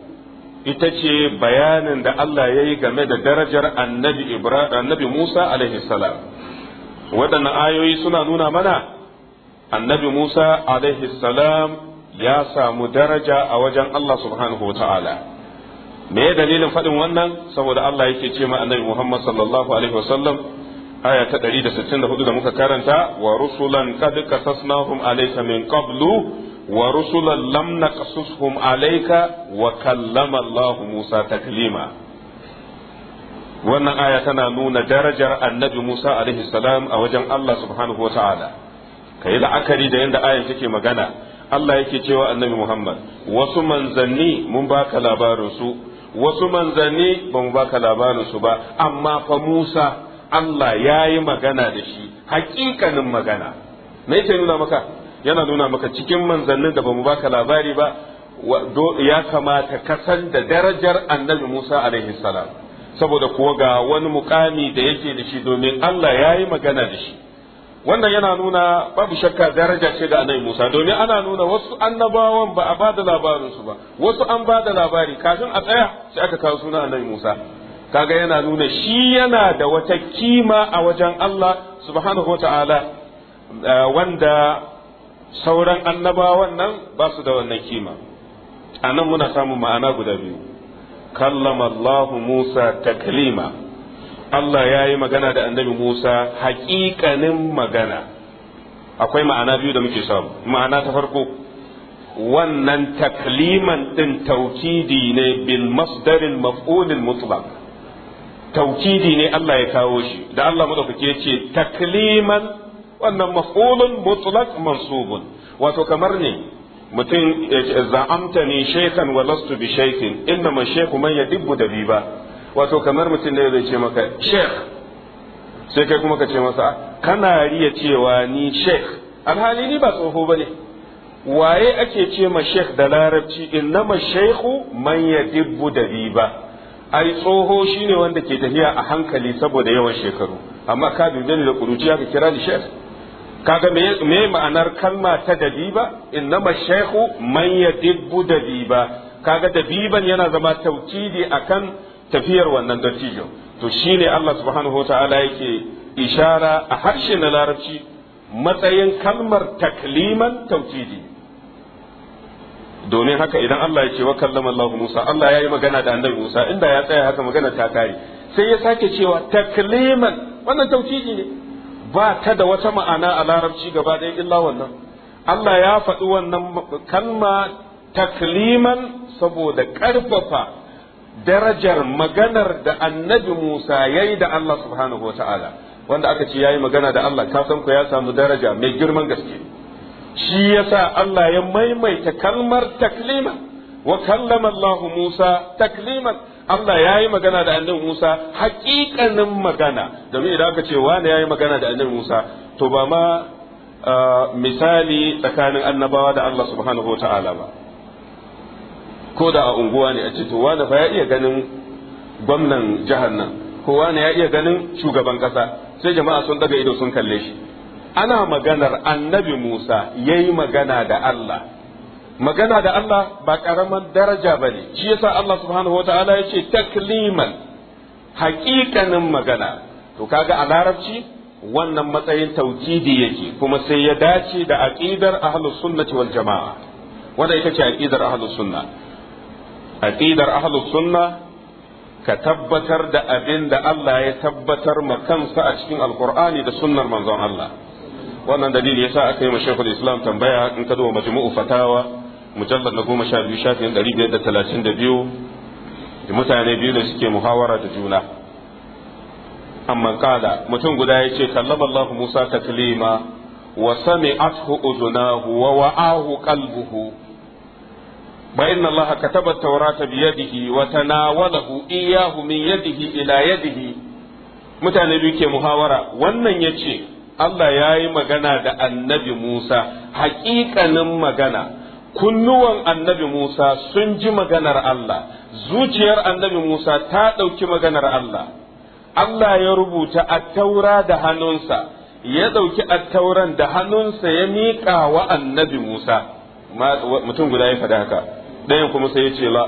ita ce bayanin da Allah ya yi game da darajar annabi Ibrahim annabi Musa alaihi salam waɗannan ayoyi suna nuna mana annabi Musa alaihi salam ya samu daraja a wajen Allah subhanahu wa ta'ala me dalilin faɗin wannan saboda Allah yake ce ma annabi Muhammad sallallahu alaihi wasallam aya ta 164 da muka karanta wa rusulan qad qasasnahum ka min qablu wa rusulan lam naqsushum alayka wa kallama wannan aya tana nuna darajar annabi Musa alaihi salam a wajen Allah subhanahu wa ta'ala kai la'akari da yanda ayan take magana Allah yake cewa annabi Muhammad wasu manzanni mun baka labarin su wasu manzanni ba mu baka labarin su ba amma fa Musa Allah ya yi magana da shi hakikanin magana me yake nuna maka yana nuna maka cikin manzannin da bamu baka labari ba ya kamata ka san da darajar annabi Musa alaihi salam saboda kuwa ga wani mukami da yake da shi domin Allah ya yi magana da shi wannan yana nuna babu shakka daraja ce ga annabi Musa domin ana nuna wasu annabawan ba a bada da labarinsu ba wasu an bada labari kafin a tsaya sai aka kawo suna annabi Musa kaga yana nuna shi yana da wata kima a wajen Allah subhanahu ta'ala uh, wanda sauran annabawan nan ba su da wannan kima a nan muna samun ma'ana guda biyu kallama Allah Musa taklima Allah ya yi magana da annabi Musa haƙiƙanin magana akwai ma'ana biyu da muke samu ma'ana ta farko wannan takliman ɗin taukidi ne bil masdarin maf'ulin mutlaq taukidi ne Allah ya kawo shi da Allah madaukake ya ce takliman wannan maf'ulun mutlaq mansubun wato kamar ne mutum za'amta ne shaykan wa lastu bi shaykin inna man shaykhu man yadibbu dabiba wato kamar mutum da zai ce maka sheikh sai kai kuma ka ce masa kana riya cewa ni sheikh alhali ni ba tsoho bane waye ake ce ma sheikh da larabci inna man shaykhu man yadibbu dabiba ai tsoho shine wanda ke tafiya a hankali saboda yawan shekaru amma ka dube da kuruciya ka kira ni shekh kaga me me ma'anar kalma ta dabiba innama shekhu man yadibbu dabiba kaga dabiban yana zama taukidi akan tafiyar wannan dattijo to shine Allah subhanahu wataala yake ishara a harshe na larabci matsayin kalmar takliman taukidi domin haka idan Allah ya ce wa kallama Allah Musa Allah ya yi magana da annabi Musa inda ya tsaya haka magana ta kare sai ya sake cewa takliman wannan tauhidi ne ba ta da wata ma'ana a larabci gaba ɗaya illa wannan Allah ya faɗi wannan kalma takliman saboda ƙarfafa darajar maganar da annabi Musa ya yi da Allah subhanahu wa ta'ala wanda aka ce ya yi magana da Allah kasan san ku ya samu daraja mai girman gaske shi yasa Allah ya maimaita kalmar taklima wa kallama Allah Musa takliman Allah ya yi magana da annabi Musa hakikanin magana domin idan aka ce wani ya yi magana da annabi Musa to ba ma misali tsakanin annabawa da Allah subhanahu wa ta'ala ba ko da a unguwa ne a ce to wani fa ya iya ganin gwamnan jihar nan ko wani ya iya ganin shugaban kasa sai jama'a sun daga ido sun kalle shi ana maganar annabi Musa ya yi magana da Allah magana da Allah ba ƙaramar daraja ba ne shi yasa Allah subhanahu wa ta'ala ya ce takliman haƙiƙanin magana to kaga a larabci wannan matsayin taukidi yake kuma sai ya dace da aƙidar ahlus sunnati wal jama'a wanda ita ce aƙidar ahlus sunna Aƙidar ahlus sunna ka tabbatar da abin da Allah ya tabbatar ma kansa a cikin alƙur'ani da sunnar manzon Allah wannan dalili yasa aka yi mashaykhul islam tambaya in ka duba majmu'u fatawa mujallad na goma sha biyu shafin ɗari biyar da talatin da biyu mutane biyu da suke muhawara da juna amma kada mutum guda ya ce kallama Allah Musa taklima wa sami'athu udunahu wa wa'ahu qalbuhu فإن الله كتب التوراة بيده وتناوله إياه من يده إلى يده mutane biyu ke muhawara wannan ya ce Allah ya yi magana da annabi Musa haƙiƙanin magana kunnuwan annabi Musa sun ji maganar Allah zuciyar annabi Musa ta ɗauki maganar Allah Allah ya rubuta attaura da hannunsa ya ɗauki attauran da hannunsa ya miƙa wa annabi Musa mutum guda ya faɗi haka ɗayan kuma sai ya ce la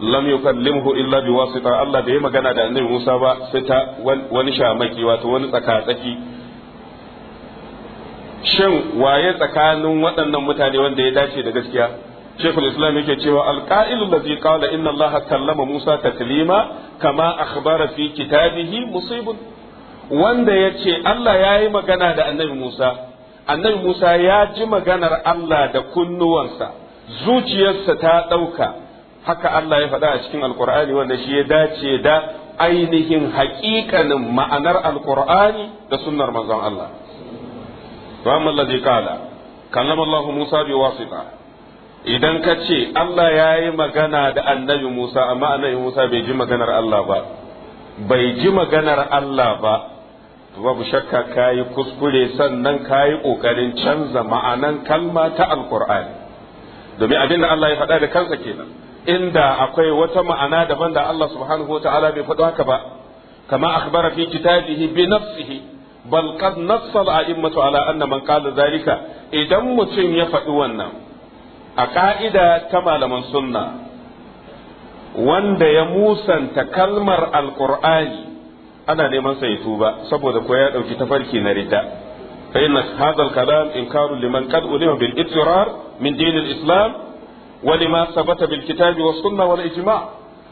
lam yukallimhu illa biwasita Allah bai magana da annabi Musa ba sai ta wani shamaki wato wani tsaka tsaki Shan waye tsakanin waɗannan mutane wanda ya dace da gaskiya shekul islam yake cewa alqa'ilul ladzi qala inna allaha kallama musa taklima kama akhbara fi kitabihi musibun wanda yace Allah yayi magana da annabi Musa annabi Musa ya ji maganar Allah da kunnuwansa zuciyarsa ta ɗauka haka Allah ya faɗa a cikin alkur'ani wanda shi ya dace da ainihin haƙiƙanin ma'anar alkur'ani da sunnar manzon Allah فأما الذي قال كلم الله موسى بواسطة idan ka ce Allah ya yi magana da annabi Musa amma annabi Musa bai ji maganar Allah ba bai ji maganar Allah ba babu shakka ka yi kuskure sannan ka yi ƙoƙarin canza ma'anan kalma ta alƙur'ani domin abin da Allah ya faɗa da kansa kenan inda akwai wata ma'ana daban da Allah subhanahu wa ta'ala bai faɗo haka ba kama akhbara fi kitabihi bi nafsihi bal qad nassa al-a'immatu ala anna man qala zalika idan mutum ya faɗi wannan a ƙa'ida ta malaman sunna wanda ya musanta kalmar alqur'ani ana neman sa ba tuba saboda ko ya dauki tafarki na ridda fa inna hadha al-kalam inkaru liman qad ulima bil ittirar min din al-islam wa lima sabata bil kitabi was sunnah wal ijma'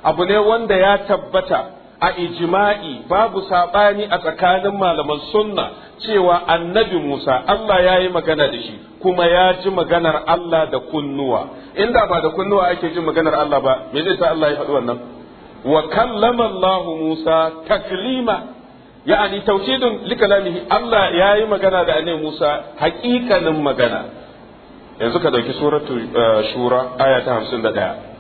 abu ne wanda ya tabbata a ijima'i babu saɓani a tsakanin malaman sunna cewa annabi Musa Allah ya yi magana da shi kuma ya ji maganar Allah da kunnuwa inda ba da kunnuwa ake ji maganar Allah ba me zai ta Allah ya faɗi wannan wa kallama Allah Musa taklima ya'ani tawhidun likalamihi Allah ya yi magana da annabi Musa haƙiƙanin magana yanzu ka dauki suratul eh, shura aya ta 51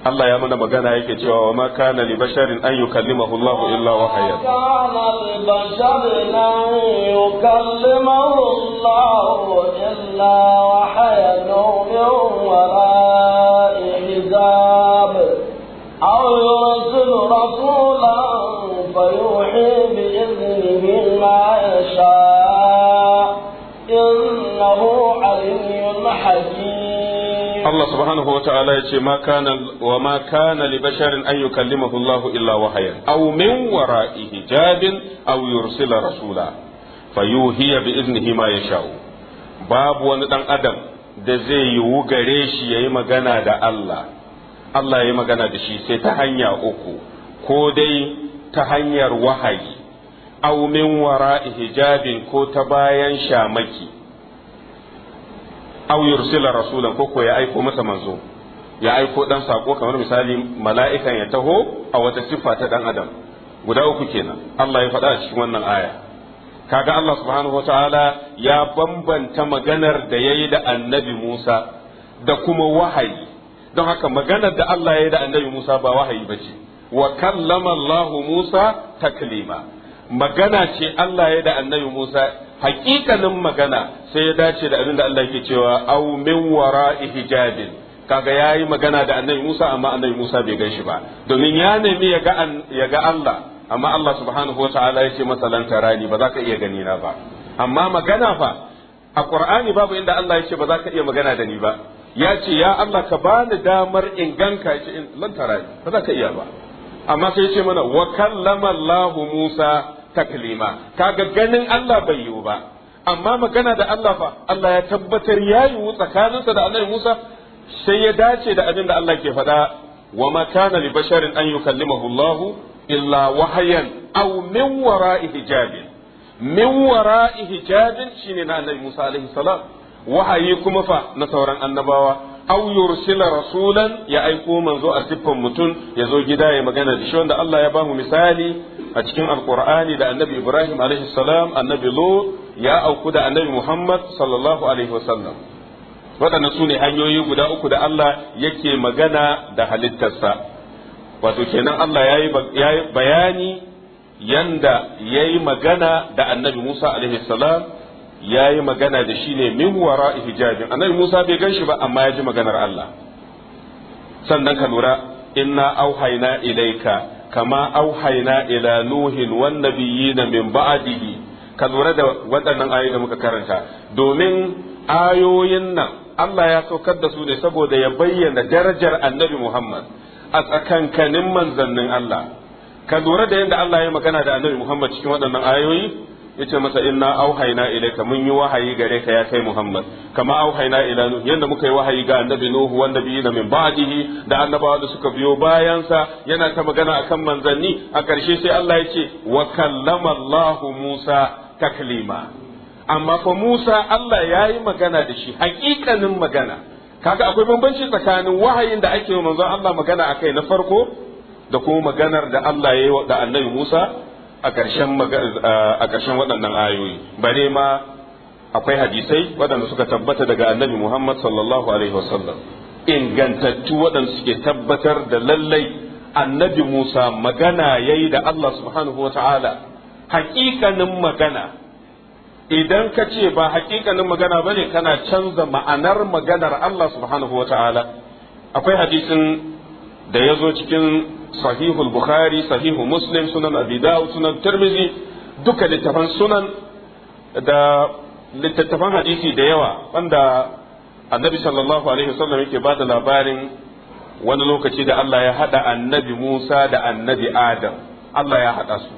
Allah ya mana magana yake cewa wa ma kana li basharin an yukallimahu Allah illa wahaya kana li basharin an yukallimahu Allah illa wahaya min wara'i hijab aw yursil rasulan fayuhi bi idnihi ma yasha innahu aliyyun hakim Allah subhanahu wa ta'ala ya ce wa ma kana li basharin an yukallimahu Allah illa wahayan aw min wara'i hijabin aw yursila rasula fayuhiya bi idnihi ma yasha'u babu wani dan adam da zai yi wugare shi yayi magana da Allah Allah yayi magana da shi sai ta hanya uku ko dai ta hanyar wahayi aw min wara'i hijabin ko ta bayan shamaki aw yursila rasulan ko ko ya aiko masa manzo ya aiko dan sako kamar misali mala'ikan ya taho a wata siffa ta dan adam guda uku kenan Allah ya faɗa a cikin wannan aya kaga Allah subhanahu wataala ya bambanta maganar da yi da annabi Musa da kuma wahayi don haka maganar da Allah ya yi da annabi Musa ba wahayi bace wa kallama Allah Musa taklima magana ce Allah ya da annabi Musa haƙiƙanin magana sai ya dace da abin da Allah yake cewa aw min wara'i hijabin kaga yayi magana da annabi Musa amma annabi Musa bai gan shi ba domin ya nemi ya ga ya ga Allah amma Allah subhanahu wataala ya ce masa tarani ba za ka iya gani na ba amma magana fa a Qur'ani babu inda Allah yace ba za ka iya magana da ni ba ya ce ya Allah ka bani damar in ganka shi in tarani ba za ka iya ba amma sai ya ce mana wa kallama Allah Musa taklima kaga ganin Allah bai yiwu ba amma magana da Allah fa Allah ya tabbatar ya yiwu tsakaninsa da Annabi Musa sai ya dace da abin da Allah ke faɗa wa ma kana li basharin an yukallimahu Allah illa wahayan aw min wara'i hijabin min wara'i hijabin shine na Annabi Musa alaihi salam wahayi kuma fa na sauran annabawa aw yursila rasulan ya aiko manzo a siffan mutum ya zo gida ya magana da shi wanda Allah ya ba mu misali a cikin alqur'ani da annabi Ibrahim alaihi salam annabi Lut ya auku da annabi Muhammad sallallahu alaihi wasallam waɗannan su hanyoyi guda uku da Allah yake magana da halittarsa wato kenan Allah ya yi bayani yanda ya yi magana da annabi Musa alaihi salam ya yi magana da shi ne min wara hijabin annabi Musa bai gan shi ba amma ya ji maganar Allah sannan ka lura inna auhaina ilaika kama auhaina ila nuhin wan nabiyina min ba'dihi ka lura da waɗannan ayoyi da muka karanta domin ayoyin nan Allah ya saukar da su ne saboda ya bayyana darajar annabi Muhammad a tsakankanin manzannin Allah ka lura da yadda Allah ya magana da annabi Muhammad cikin waɗannan ayoyi yace masa inna auhayna ilayka mun yi wahayi gare ka ya kai Muhammad kama auhayna ila nuh yanda muka yi wahayi ga annabi nuhu wan nabiyina min ba'dihi da annabawa da suka biyo bayan sa yana ta magana akan manzanni a ƙarshe sai Allah yace wa kallama Allahu Musa taklima amma fa Musa Allah yayi magana da shi hakikanin magana kaga akwai bambanci tsakanin wahayin da ake yi manzon Allah magana akai na farko da kuma maganar da Allah ya yi da annabi Musa a ƙarshen waɗannan ayoyi bare ma akwai hadisai waɗanda suka tabbata daga annabi Muhammad sallallahu alaihi wasallam ingantattu waɗanda suke tabbatar da lallai annabi Musa magana yayi da Allah subhanahu wa ta'ala haƙiƙanin magana idan ka ce ba haƙiƙanin magana ba ne kana canza ma'anar maganar Allah subhanahu wa ta'ala akwai hadisin da ya zo cikin sahihul bukhari sahihu muslim sunan abi sunan tirmizi duka littafan sunan da littattafan hadisi da yawa wanda annabi sallallahu alaihi wasallam yake ba da labarin wani lokaci da Allah ya hada annabi Musa da annabi Adam Allah ya su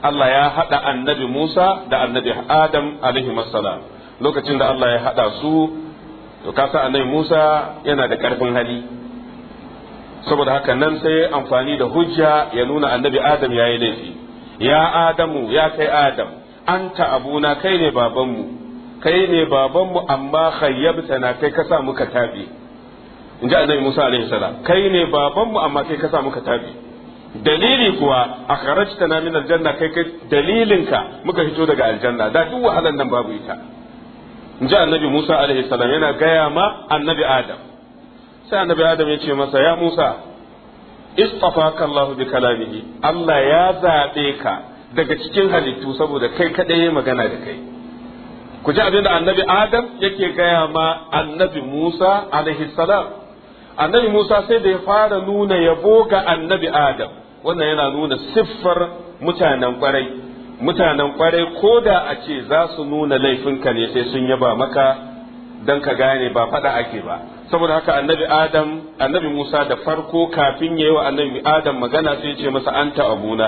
Allah ya haɗa annabi Musa da annabi Adam alaihi wassalam lokacin da Allah ya haɗa su to kasa annabi Musa yana da ƙarfin hali saboda haka nan sai amfani da hujja ya nuna annabi adam ya yi laifi ya adamu ya kai adam anta abuna kai ne babanmu kai ne babanmu amma na kai ka sa muka tabi in ji annabi musa alaihi salam kai ne babanmu amma kai ka sa muka tabi dalili kuwa a kharajta na min aljanna kai kai dalilinka muka fito daga aljanna da duk wahalan nan babu ita in ji annabi musa alaihi salam yana gaya ma annabi adam sai annabi adam ya ce masa ya musa istafaka Allah bi kalamihi Allah ya zaɓe ka daga cikin halittu saboda kai kaɗai magana da kai ku ji abin annabi adam yake gaya ma annabi musa alaihi salam annabi musa sai da ya fara nuna yabo ga annabi adam wannan yana nuna siffar mutanen kwarai mutanen kwarai ko da a ce za su nuna laifinka ne sai sun yaba maka don ka gane ba faɗa ake ba saboda haka annabi adam annabi musa da farko kafin ya yi wa annabi adam magana sai ce masa anta abuna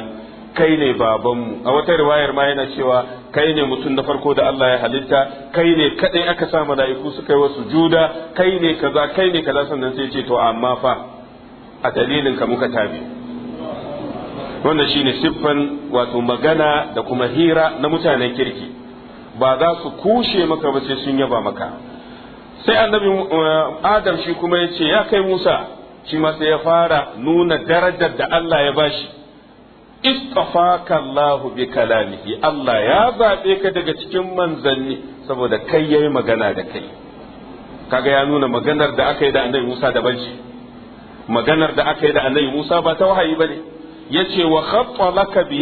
kai ne babanmu a wata riwayar ma yana cewa kai ne mutum na farko da Allah ya halitta kai ne kadai aka sa mala'iku suka yi wa sujuda kai ne kaza kai ne kaza sannan sai ce to amma fa a dalilin ka muka tabi wannan shine siffan wato magana da kuma hira na mutanen kirki ba za su kushe maka ba sai sun yaba maka sai annabi eh, adam shi kuma ya ce ya kai musa shi ma sai ya fara nuna darajar da Allah ya bashi istafaka Allahu bi kalamihi Allah ya zaɓe ka daga cikin manzanni saboda kai ya yi magana da kai kaga ya nuna maganar da aka yi da annabi Musa da banci maganar da aka yi da annabi Musa ba ta wahayi ba ya yace wa khatta laka bi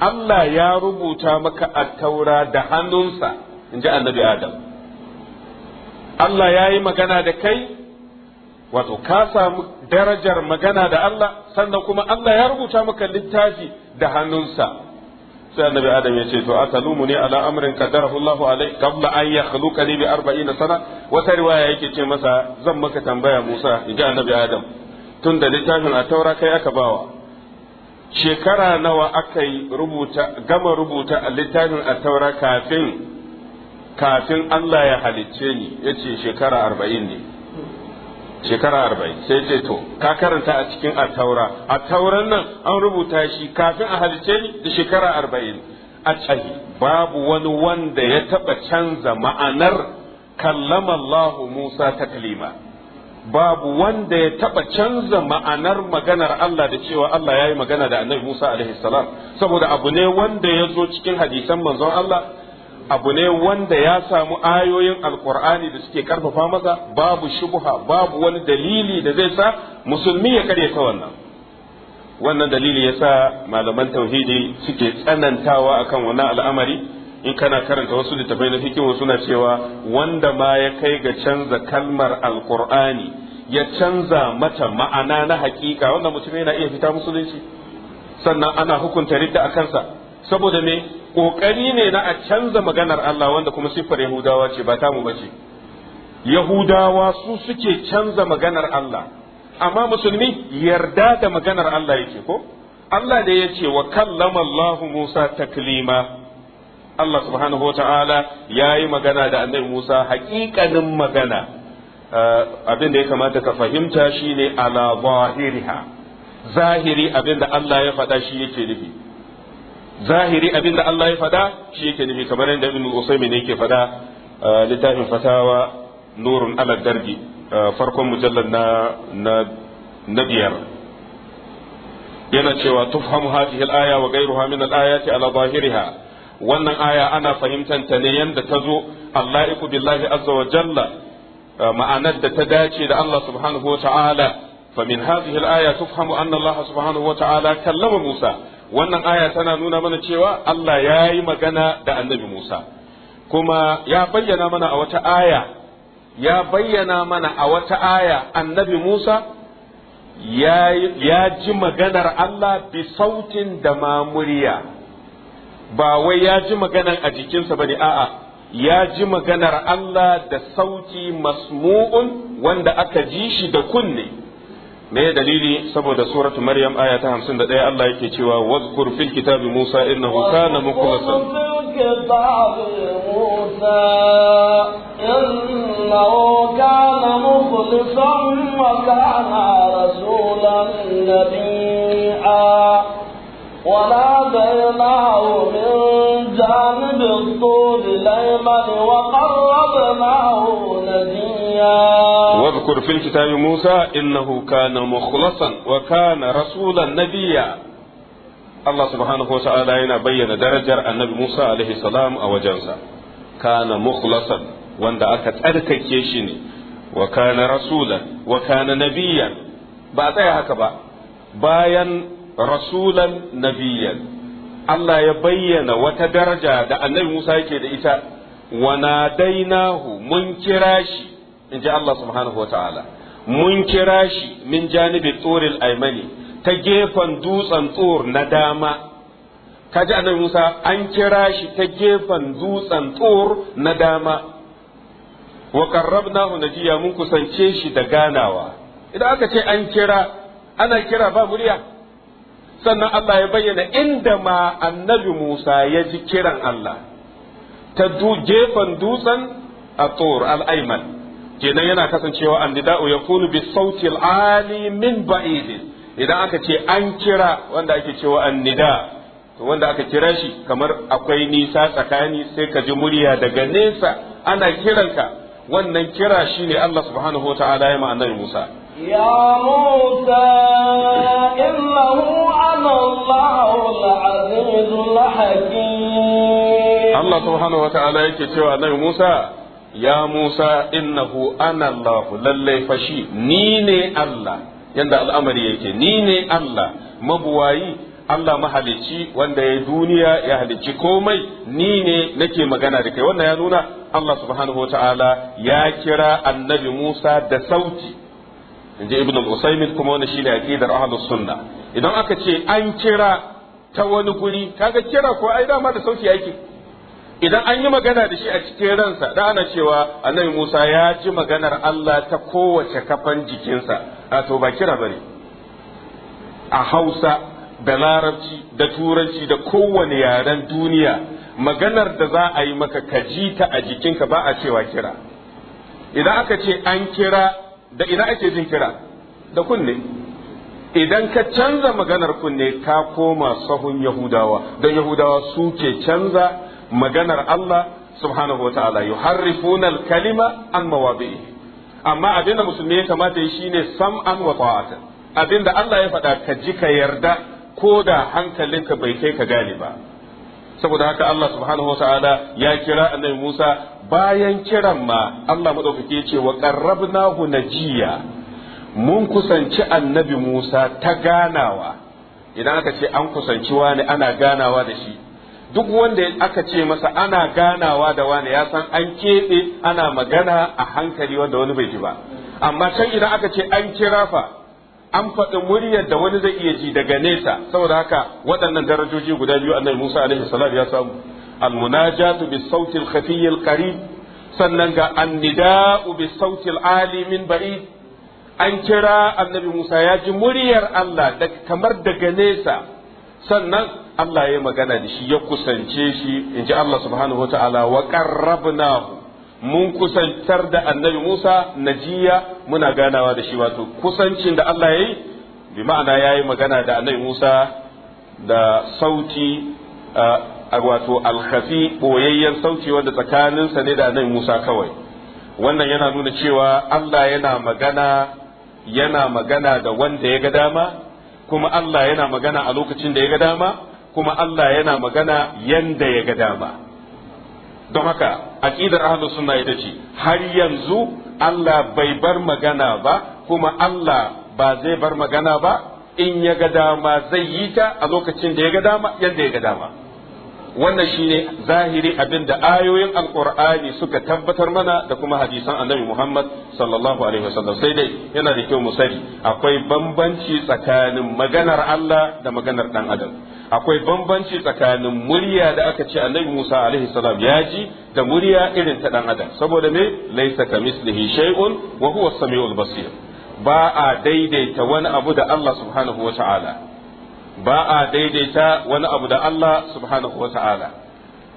Allah ya rubuta maka a taura da hannunsa inji annabi Adam Allah ya yi magana da kai wato ka samu darajar magana da Allah sannan kuma Allah ya rubuta maka littafi da hannunsa sai annabi adam ya ce to atalumu ne ala amrin qadarahu Allahu alai qabla an yakhluqani bi 40 sana wata riwaya yake ce masa zan maka tambaya Musa ga annabi adam tun da littafin a taura kai aka bawa shekara nawa aka rubuta gama rubuta a littafin a taura kafin kafin Allah ya halicce ni ya ce shekara arba'in ne shekara arba'in sai ce to ka karanta a cikin ataura taura nan an rubuta shi kafin a halicce ni da shekara arba'in a cahi babu wani wanda ya taba canza ma'anar kallama Allah Musa taklima babu wanda ya taɓa canza ma'anar maganar Allah da cewa Allah ya yi magana da annabi Musa alaihi salam saboda abu ne wanda ya zo cikin hadisan manzon Allah abu ne wanda ya samu ayoyin alkur'ani da suke karfafa masa babu shubha babu wani dalili da zai sa musulmi ya karya ta wannan wannan dalili ya sa malaman tauhidi suke tsanantawa akan wannan al'amari in kana karanta wasu littafai na fikihu suna cewa wanda ma ya kai ga canza kalmar alkur'ani ya canza mata ma'ana na hakika wannan mutum yana iya fita musulunci sannan ana hukunta ridda a kansa saboda me kokari ne na a canza maganar Allah wanda kuma siffar Yahudawa ce ba tamu bace Yahudawa su suke canza maganar Allah amma musulmi yarda da maganar Allah yake ko Allah da ya ce wa kallama Allah Musa taklima Allah subhanahu wa ta'ala ya yi magana da annabi Musa haƙiƙanin magana uh, abin da ya kamata ka fahimta shine ala zahiriha zahiri abin da Allah ya faɗa shi yake nufi zahiri abinda Allah ya faɗa shi yake nufi kamar yadda Ibn Usaymin yake faɗa littafin fatawa nurun ala darbi farkon mujallar na na biyar yana cewa tufhamu hadhihi al-aya wa ghayruha min al-ayati ala zahiriha wannan aya ana fahimtar ta ne yanda ta zo Allah iku billahi azza wa jalla ma'anar da ta dace da Allah subhanahu wa ta'ala fa min hadhihi al-aya tufhamu anna Allah subhanahu wa ta'ala kallama Musa wannan aya tana nuna mana cewa Allah ya yi magana da annabi Musa kuma ya bayyana mana a wata aya ya bayyana mana a wata aya annabi Musa ya ji maganar Allah bi sautin da mamuriya ba wai ya ji maganar a jikinsa ba ne a'a ya ji maganar Allah da sauti masmu'un wanda aka ji shi da kunne me dalili saboda suratu maryam aya ta 51 Allah yake cewa wazkur fil kitabi Musa innahu kana mukhlasan Musa innahu kana mukhlasan wa kana rasulan nabiyya وناديناه من جانب الطول الأيمن وقربناه نجيا واذكر في الكتاب موسى إنه كان مخلصا وكان رسولا نبيا الله سبحانه وتعالى ينا بين درجة النبي موسى عليه السلام أو جنسا كان مخلصا وان أكت أركيشني وكان رسولا وكان نبيا بعد هكذا باين رسولا نبيا Allah ya bayyana wata daraja da annabi Musa yake da ita, wana dainahu mun kira shi in ji Allah subhanahu wa ta'ala mun kira shi min janibi tsoril aimani ta gefen dutsen tsor na dama kaji annabi Musa an kira shi ta gefen dutsen tsor na dama wa na najiya mun kusance shi da ganawa idan aka ce an kira ana kira ba murya sannan Allah ya bayyana inda ma annabi Musa ya ji kiran Allah ta gefen dutsen a tsor al'aiman kenan yana kasancewa ya kunu bi sauti al-ali min ba'id idan aka ce an kira wanda ake cewa annida to wanda aka kira shi kamar akwai nisa tsakani sai ka ji murya daga nesa ana kiranka wannan kira shine Allah subhanahu wataala ya ma'anar Musa يا موسى إنه أنا الله Allah الحكيم الله سبحانه وتعالى يكتب عليه musa. ya Musa innahu ana Allah lallai fashi ni ne Allah yanda al'amari yake ni ne Allah mabuwayi Allah mahalicci wanda ya duniya ya halicci komai ni ne nake magana da kai wannan ya nuna Allah subhanahu wa ta'ala ya kira annabi Musa da sauti in ji ibn al-usaymin kuma wani shine aqidar ahlus sunna idan aka ce an kira ta wani guri kaga kira ko ai dama da sauti yake idan an yi magana da shi a cikin ransa da ana cewa annabi Musa ya ji maganar Allah ta kowace kafan jikinsa a to ba kira bane a Hausa da Larabci da Turanci da kowane yaren duniya maganar da za a yi maka ka ji ta a jikinka ba a cewa kira idan aka ce an kira da ina ake jin kira da kunne idan ka canza maganar kunne ka koma sahun Yahudawa don Yahudawa su ke canza maganar Allah subhanahu wa ta'ala yuharrifuna al-kalima an mawadi'i amma abinda musulmi ya kamata yi shine sam'an wa ta'atan abinda Allah ya faɗa ka ji ka yarda ko da hankalinka bai kai ka gane ba saboda haka Allah subhanahu wa ta'ala ya kira annabi Musa bayan kiran ma Allah madaukake ce wa qarrabnahu najiya mun kusanci annabi Musa ta ganawa idan aka ce an kusanci wani ana ganawa da shi duk wanda aka ce masa ana ganawa da wani ya san an keɓe ana magana a hankali wanda wani bai ji ba amma can idan aka ce an kira fa an faɗi muryar da wani zai iya ji daga nesa saboda haka waɗannan darajoji guda biyu annabi Musa alaihi salam ya samu almunajatu bis sautil khafiy qarib sannan ga annida'u bis sautil alimin ba'id an kira annabi Musa ya ji muryar Allah kamar daga nesa sannan Allah ya magana da shi ya kusance shi in ji Allah subhanahu wa ta'ala wa qarrabnahu mun kusantar da annabi Musa najiya muna ganawa da shi wato kusancin da Allah ya yi bi ma'ana ya yi magana da annabi Musa da sauti a wato alkhafi ɓoyayyen sauti wanda tsakaninsa ne da annabi Musa kawai wannan yana nuna cewa Allah yana magana yana magana da wanda ya ga dama kuma Allah yana magana a lokacin da ya ga dama kuma Allah yana magana yanda ya ga dama don haka aqidar ahlus sunna ita ce har yanzu Allah bai bar magana ba kuma Allah ba zai bar magana ba in ya ga dama zai yi ta a lokacin da ya ga dama yanda ya ga dama wannan shine zahiri abin da ayoyin alqur'ani suka tabbatar mana da kuma hadisan annabi Muhammad sallallahu alaihi wasallam sai dai yana da kyau mu sani akwai bambanci tsakanin maganar Allah da maganar dan adam akwai bambanci tsakanin murya da aka ce annabi Musa alaihi salam ya ji da murya irin ta dan adam saboda me laysa kamislihi shay'un wa huwa as-sami'ul basir ba a daidaita wani abu da Allah subhanahu wa ta'ala ba a daidaita wani abu da Allah subhanahu wa ta'ala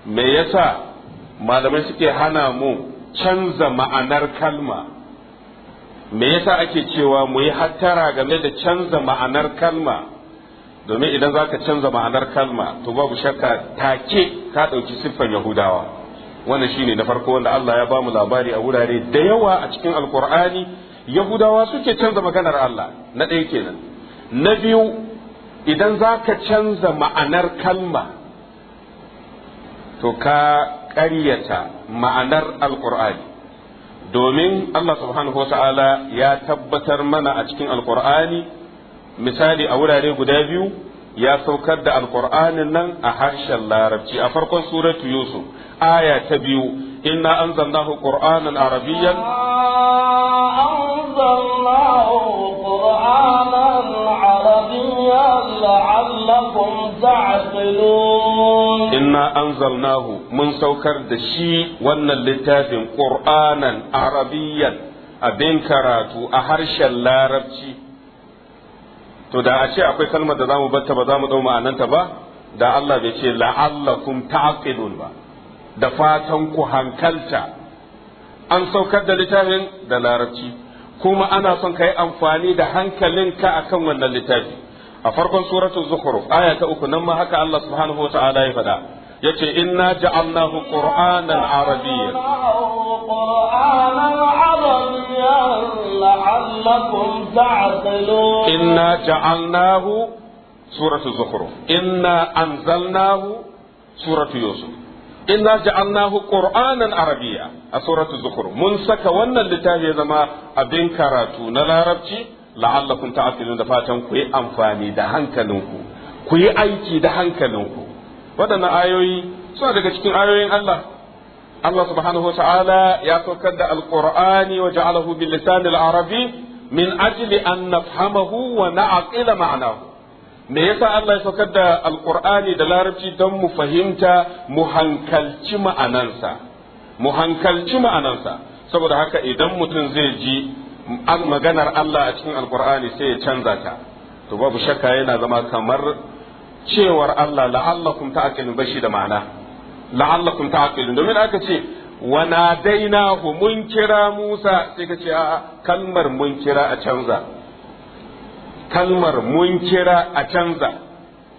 me yasa malamai suke hana mu canza ma'anar kalma me yasa ake cewa mu yi hattara game da canza ma'anar kalma domin idan za ka canza ma'anar kalma to babu shakka take ka ɗauki siffan yahudawa wannan shine na farko wanda Allah ya bamu labari a wurare da yawa a cikin alkur'ani yahudawa suke canza maganar Allah na ɗaya kenan na biyu idan za ka canza ma'anar kalma to ka ƙaryata ma'anar alƙur'ani domin Allah subhanahu ta'ala ya tabbatar mana a cikin alƙur'ani misali a wurare guda biyu ya saukar da alƙur'anin nan a harshen larabci a farkon suratu yusuf aya ta biyu إنا أنزلناه قرآنا عربيا أنزلناه قرآنا عربيا لعلكم تعقلون إنا أنزلناه من سوكر دشي وأن اللتاف قرآنا عربيا أبين كراتو أهرش اللاربشي to da a ce akwai kalmar da za mu batta ba za mu ɗau ma'ananta ba da Allah bai ce la'allakum ta'qilun ba da fatan ku hankalta an saukar da littafin da larabci kuma ana son ka yi amfani da hankalinka kan wannan littafi a farkon suratul zukhruf aya ta uku nan ma haka Allah subhanahu wa ta'ala ya faɗa yace inna ja'alnahu qur'anan arabiyyan inna ja'alnahu suratul zukhruf inna anzalnahu suratul yusuf Inna ja'alnahu qur'anan arabiya a suratu zukur mun saka wannan littafi ya zama abin karatu na larabci la'allakum ta'qilun da fatan ku yi amfani da hankalinku ku yi aiki da hankalinku waɗannan ayoyi suna daga cikin ayoyin Allah Allah subhanahu wa ta'ala ya saukar da alqur'ani wa ja'alahu bil lisanil arabi min ajli an nafhamahu wa na'qila ma'nahu me yasa Allah ya saukar da alkur'ani da larabci don mu fahimta mu hankalci ma'anansa mu hankalci ma'anansa saboda haka idan mutum zai ji maganar Allah a cikin alkur'ani sai ya canza ta to babu shakka yana zama kamar cewar Allah la'allakum ta'qilun bashi da ma'ana la'allakum ta'qilun domin aka ce wa nadainahu mun kira Musa sai ka ce a kalmar mun kira a canza kalmar mun kira a canza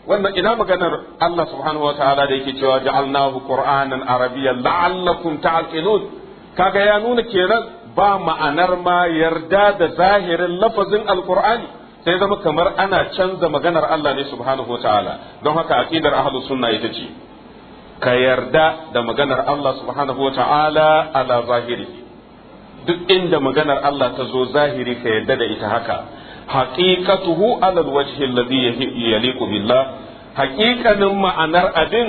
wannan ina maganar Allah subhanahu wa ta'ala da yake cewa ja'alnahu qur'anan arabiyyan la'allakum ta'qilun kaga ya nuna kenan ba ma'anar ma yarda da zahirin lafazin alqur'ani sai zama kamar ana canza maganar Allah ne subhanahu wataala don haka aqidar ahlus sunna ita ce ka yarda da maganar Allah subhanahu wataala ala zahiri duk inda maganar Allah ta zo zahiri ka yarda da ita haka haqiqatuhu ala alwajhi alladhi yaliqu billah haqiqanin ma'anar abin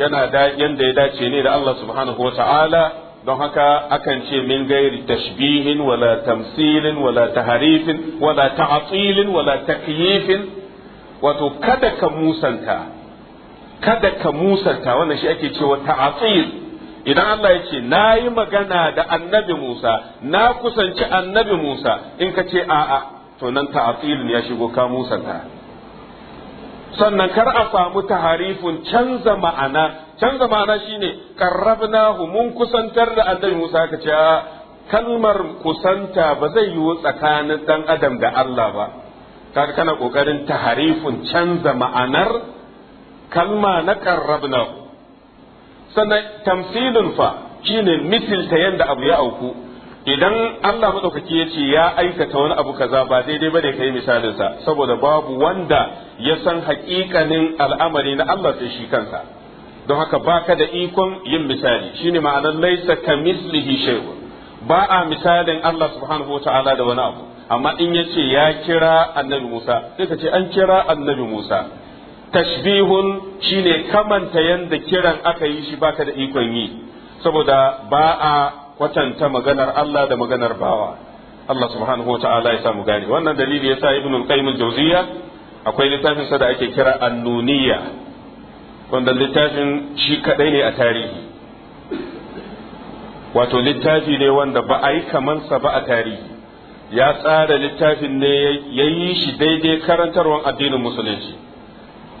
yana da yanda ya dace ne da Allah subhanahu wata'ala don haka akan ce min gairi tashbihin wala tamsilin wala taharifin wala ta'atilin wala takyifin wato kada ka musanta kada ka musanta wannan shi ake cewa ta'atil idan Allah ya ce na yi magana da annabi Musa na kusanci annabi Musa in ka ce a'a to nan ta'atilun ya shigo ka musanta sannan kar a samu taharifun canza ma'ana canza ma'ana shine karrabna mun kusantar da annabi Musa ka ce kalmar kusanta ba zai yiwu tsakanin dan adam da Allah ba kaga kana kokarin taharifun canza ma'anar kalma na qarrabnahu sannan tamsilun fa shine ta yanda abu ya auku idan Allah madaukaki ya ce ya aikata wani abu kaza ba daidai bane kai misalin sa saboda babu wanda ya san haƙiƙanin al'amari na Allah sai shi kansa don haka baka da ikon yin misali shine ma'anar laisa kamislihi shay'un ba a misalin Allah subhanahu wataala da wani abu amma in yace ya kira annabi Musa sai ka ce an kira annabi Musa tashbihun shine kamanta yanda kiran aka yi shi baka da ikon yi saboda ba a kwatanta maganar Allah da maganar bawa Allah subhanahu wata'ala ya samu gane wannan dalili yasa ibn al-qayyim al-jawziyya akwai littafin sa da ake kira annuniya wanda littafin shi kadai ne a tarihi wato littafi ne wanda ba a yi kamansa ba a tarihi ya tsara littafin ne ya yi shi daidai karantarwar addinin musulunci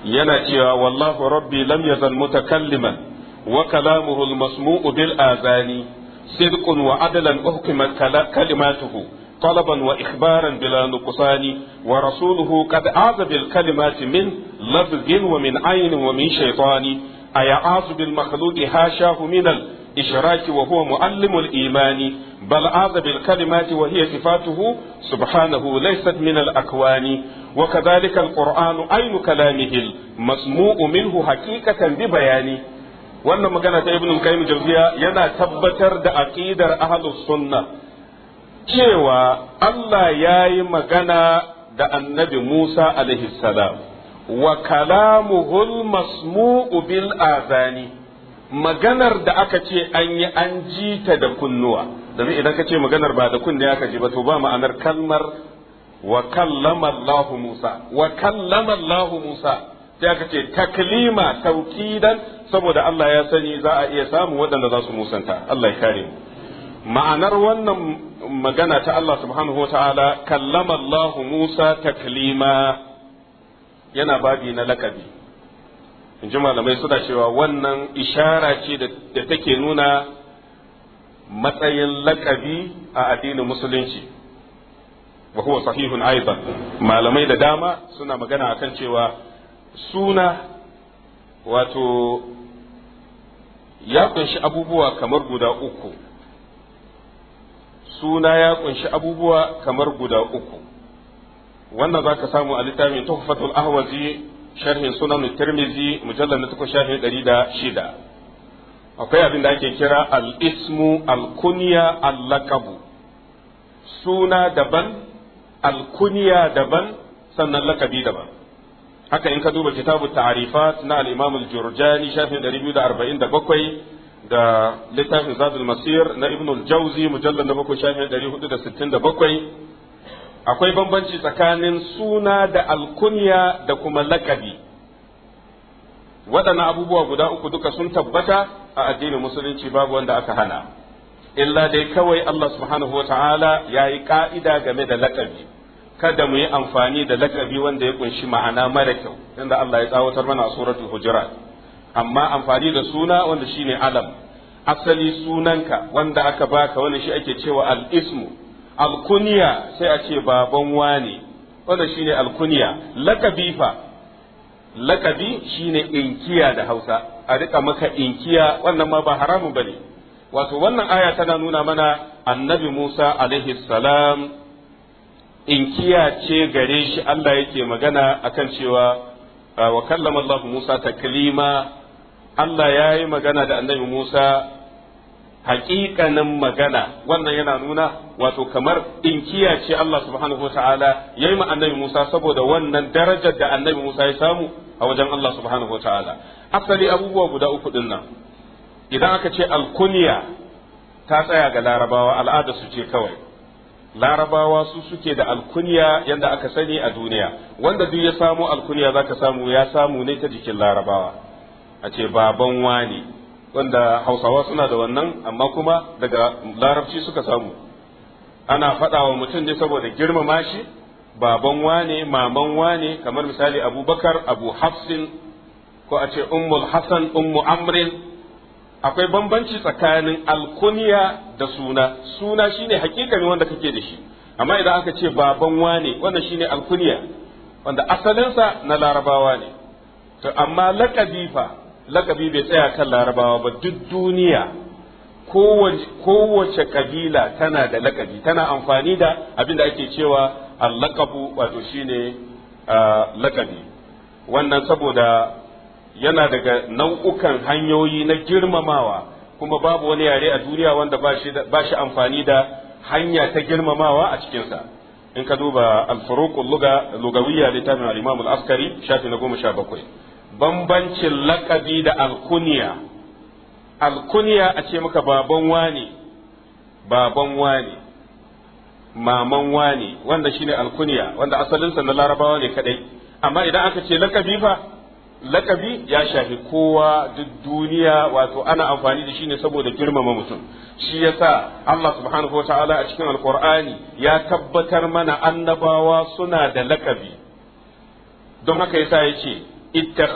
yana cewa wallahu rabbi lam yazal mutakalliman wa kalamuhu al-masmu'u bil azani صدق وعدلا أحكمت كلماته طلبا وإخبارا بلا نقصان ورسوله قد عاذ بالكلمات من لفظ ومن عين ومن شيطان أيعاذ بالمخلوق هاشاه من الإشراك وهو معلم الإيمان بل عاذ بالكلمات وهي صفاته سبحانه ليست من الأكوان وكذلك القرآن عين كلامه المسموع منه حقيقة ببيان wannan magana ta ibn qayyim jawziya yana tabbatar da aqidar ahlus sunna cewa Allah yayi magana da annabi Musa alaihi salam wa kalamuhul masmu'u bil azani maganar da aka ce an yi an jita ta da kunnuwa domin idan ka ce maganar ba da kunne aka ji ba to ba ma'anar kalmar wa kallama Allah Musa wa kallama Allah Musa sai aka ce taklima taukidan saboda Allah ya sani za a iya samu waɗanda za su musanta Allah ya kare ma'anar wannan magana ta Allah subhanahu wataala kallama Allah Musa taklima yana babi na lakabi in ji malamai suna cewa wannan ishara ce da take nuna matsayin lakabi a addinin musulunci wa huwa sahihun aidan malamai da dama suna magana akan cewa suna wato ya kunshi abubuwa kamar guda uku suna ya kunshi abubuwa kamar guda uku wannan za ka samu a littafin tuhfatul ahwazi sharhin sunan tirmizi mujallar na takwas sharhin ɗari da shida akwai abin da ake kira al-ismu al-kunya al suna daban al-kunya daban sannan lakabi daban haka in ka duba kitabu ta'rifat na al-imam al-jurjani shafin 247 da littafin zadul masir na ibn al-jawzi mujallal na bakwai shafin 467 akwai bambanci tsakanin suna da alkunya da kuma lakabi waɗannan abubuwa guda uku duka sun tabbata a addinin musulunci babu wanda aka hana illa dai kawai Allah subhanahu wa ta'ala ya yi ka'ida game da lakabi kada mu yi amfani da lakabi wanda ya kunshi ma'ana mara kyau inda Allah ya tsawatar mana a suratul hujurat amma amfani da suna wanda shine alam asali sunanka wanda aka baka wanda shi ake cewa al-ismu al-kunya sai a ce baban wani wanda shine al-kunya lakabi fa lakabi shine inkiya da Hausa a rika maka inkiya wannan ma ba haramun bane wato wannan aya tana nuna mana annabi Musa alaihi salam inkiya ce gare shi Allah yake magana akan cewa ah, wa kallama Allah Musa taklima Allah ya yi magana da annabi Musa haƙiƙanin magana wannan yana nuna wato kamar in kiyace Allah subhanahu wa ta'ala ya yi annabi Musa saboda wannan darajar da annabi Musa ya samu a wajen Allah subhanahu wa ta'ala asali abubuwa guda uku din nan idan aka ce alkuniya ta tsaya ga larabawa al'ada su ce kawai larabawa su suke da alkunya yadda aka sani a duniya wanda duk ya samu alkunya zaka ka samu ya samu ne ta jikin larabawa a ce baban wani wanda hausawa suna da wannan amma kuma daga larabci suka samu ana faɗa wa mutum ne saboda girmama shi baban wane maman wane kamar misali abubakar abu hafsin ko a ce ummul hasan ummu amrin akwai bambanci tsakanin alkuniya da suna suna shine hakikani wanda kake da shi amma idan aka ce baban wane wannan shine alkuniya wanda asalinsa na larabawa ne to amma lakabi fa lakabi bai tsaya kan larabawa ba duk duniya kowace kabila tana da lakabi tana amfani da abin da ake cewa alakabu wato shine ah, lakabi wannan saboda yana daga nau'ukan hanyoyi na girmamawa kuma babu wani yare a duniya wanda ba shi amfani da hanya ta girmamawa a cikinsa in ka duba alfarukun lugawiyya littafin al-imam al-askari shafi na goma sha bakwai bambancin lakabi da alkuniya alkuniya a ce maka baban wani baban wani maman wani wanda shine alkuniya wanda asalinsa na larabawa ne kadai amma idan aka ce lakabi fa lakabi ya shafi kowa duk duniya wato ana amfani da shi ne saboda girmama mutum shi yasa Allah subhanahu wa ta'ala a cikin alkur'ani ya tabbatar mana annabawa suna da lakabi don haka yasa ya ce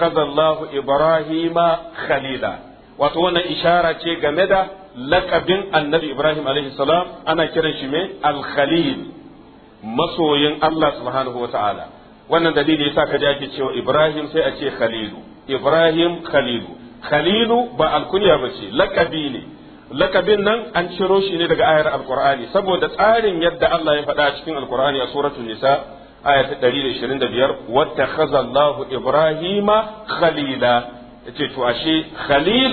Allahu Ibrahima khalila wato wannan ishara ce game da lakabin annabi Ibrahim alaihi salam ana kiran shi me al-khalil masoyin Allah subhanahu wa ta'ala wannan dalili yasa ka ji ake cewa Ibrahim sai a ce Khalilu Ibrahim Khalilu Khalilu ba alkunya ba ce lakabi ne lakabin nan an ciro shi ne daga ayar alkur'ani saboda tsarin yadda Allah ya faɗa a cikin alkur'ani a suratul nisa aya ta 125 wattakhadha Allahu Ibrahima khalila yace to ashe khalil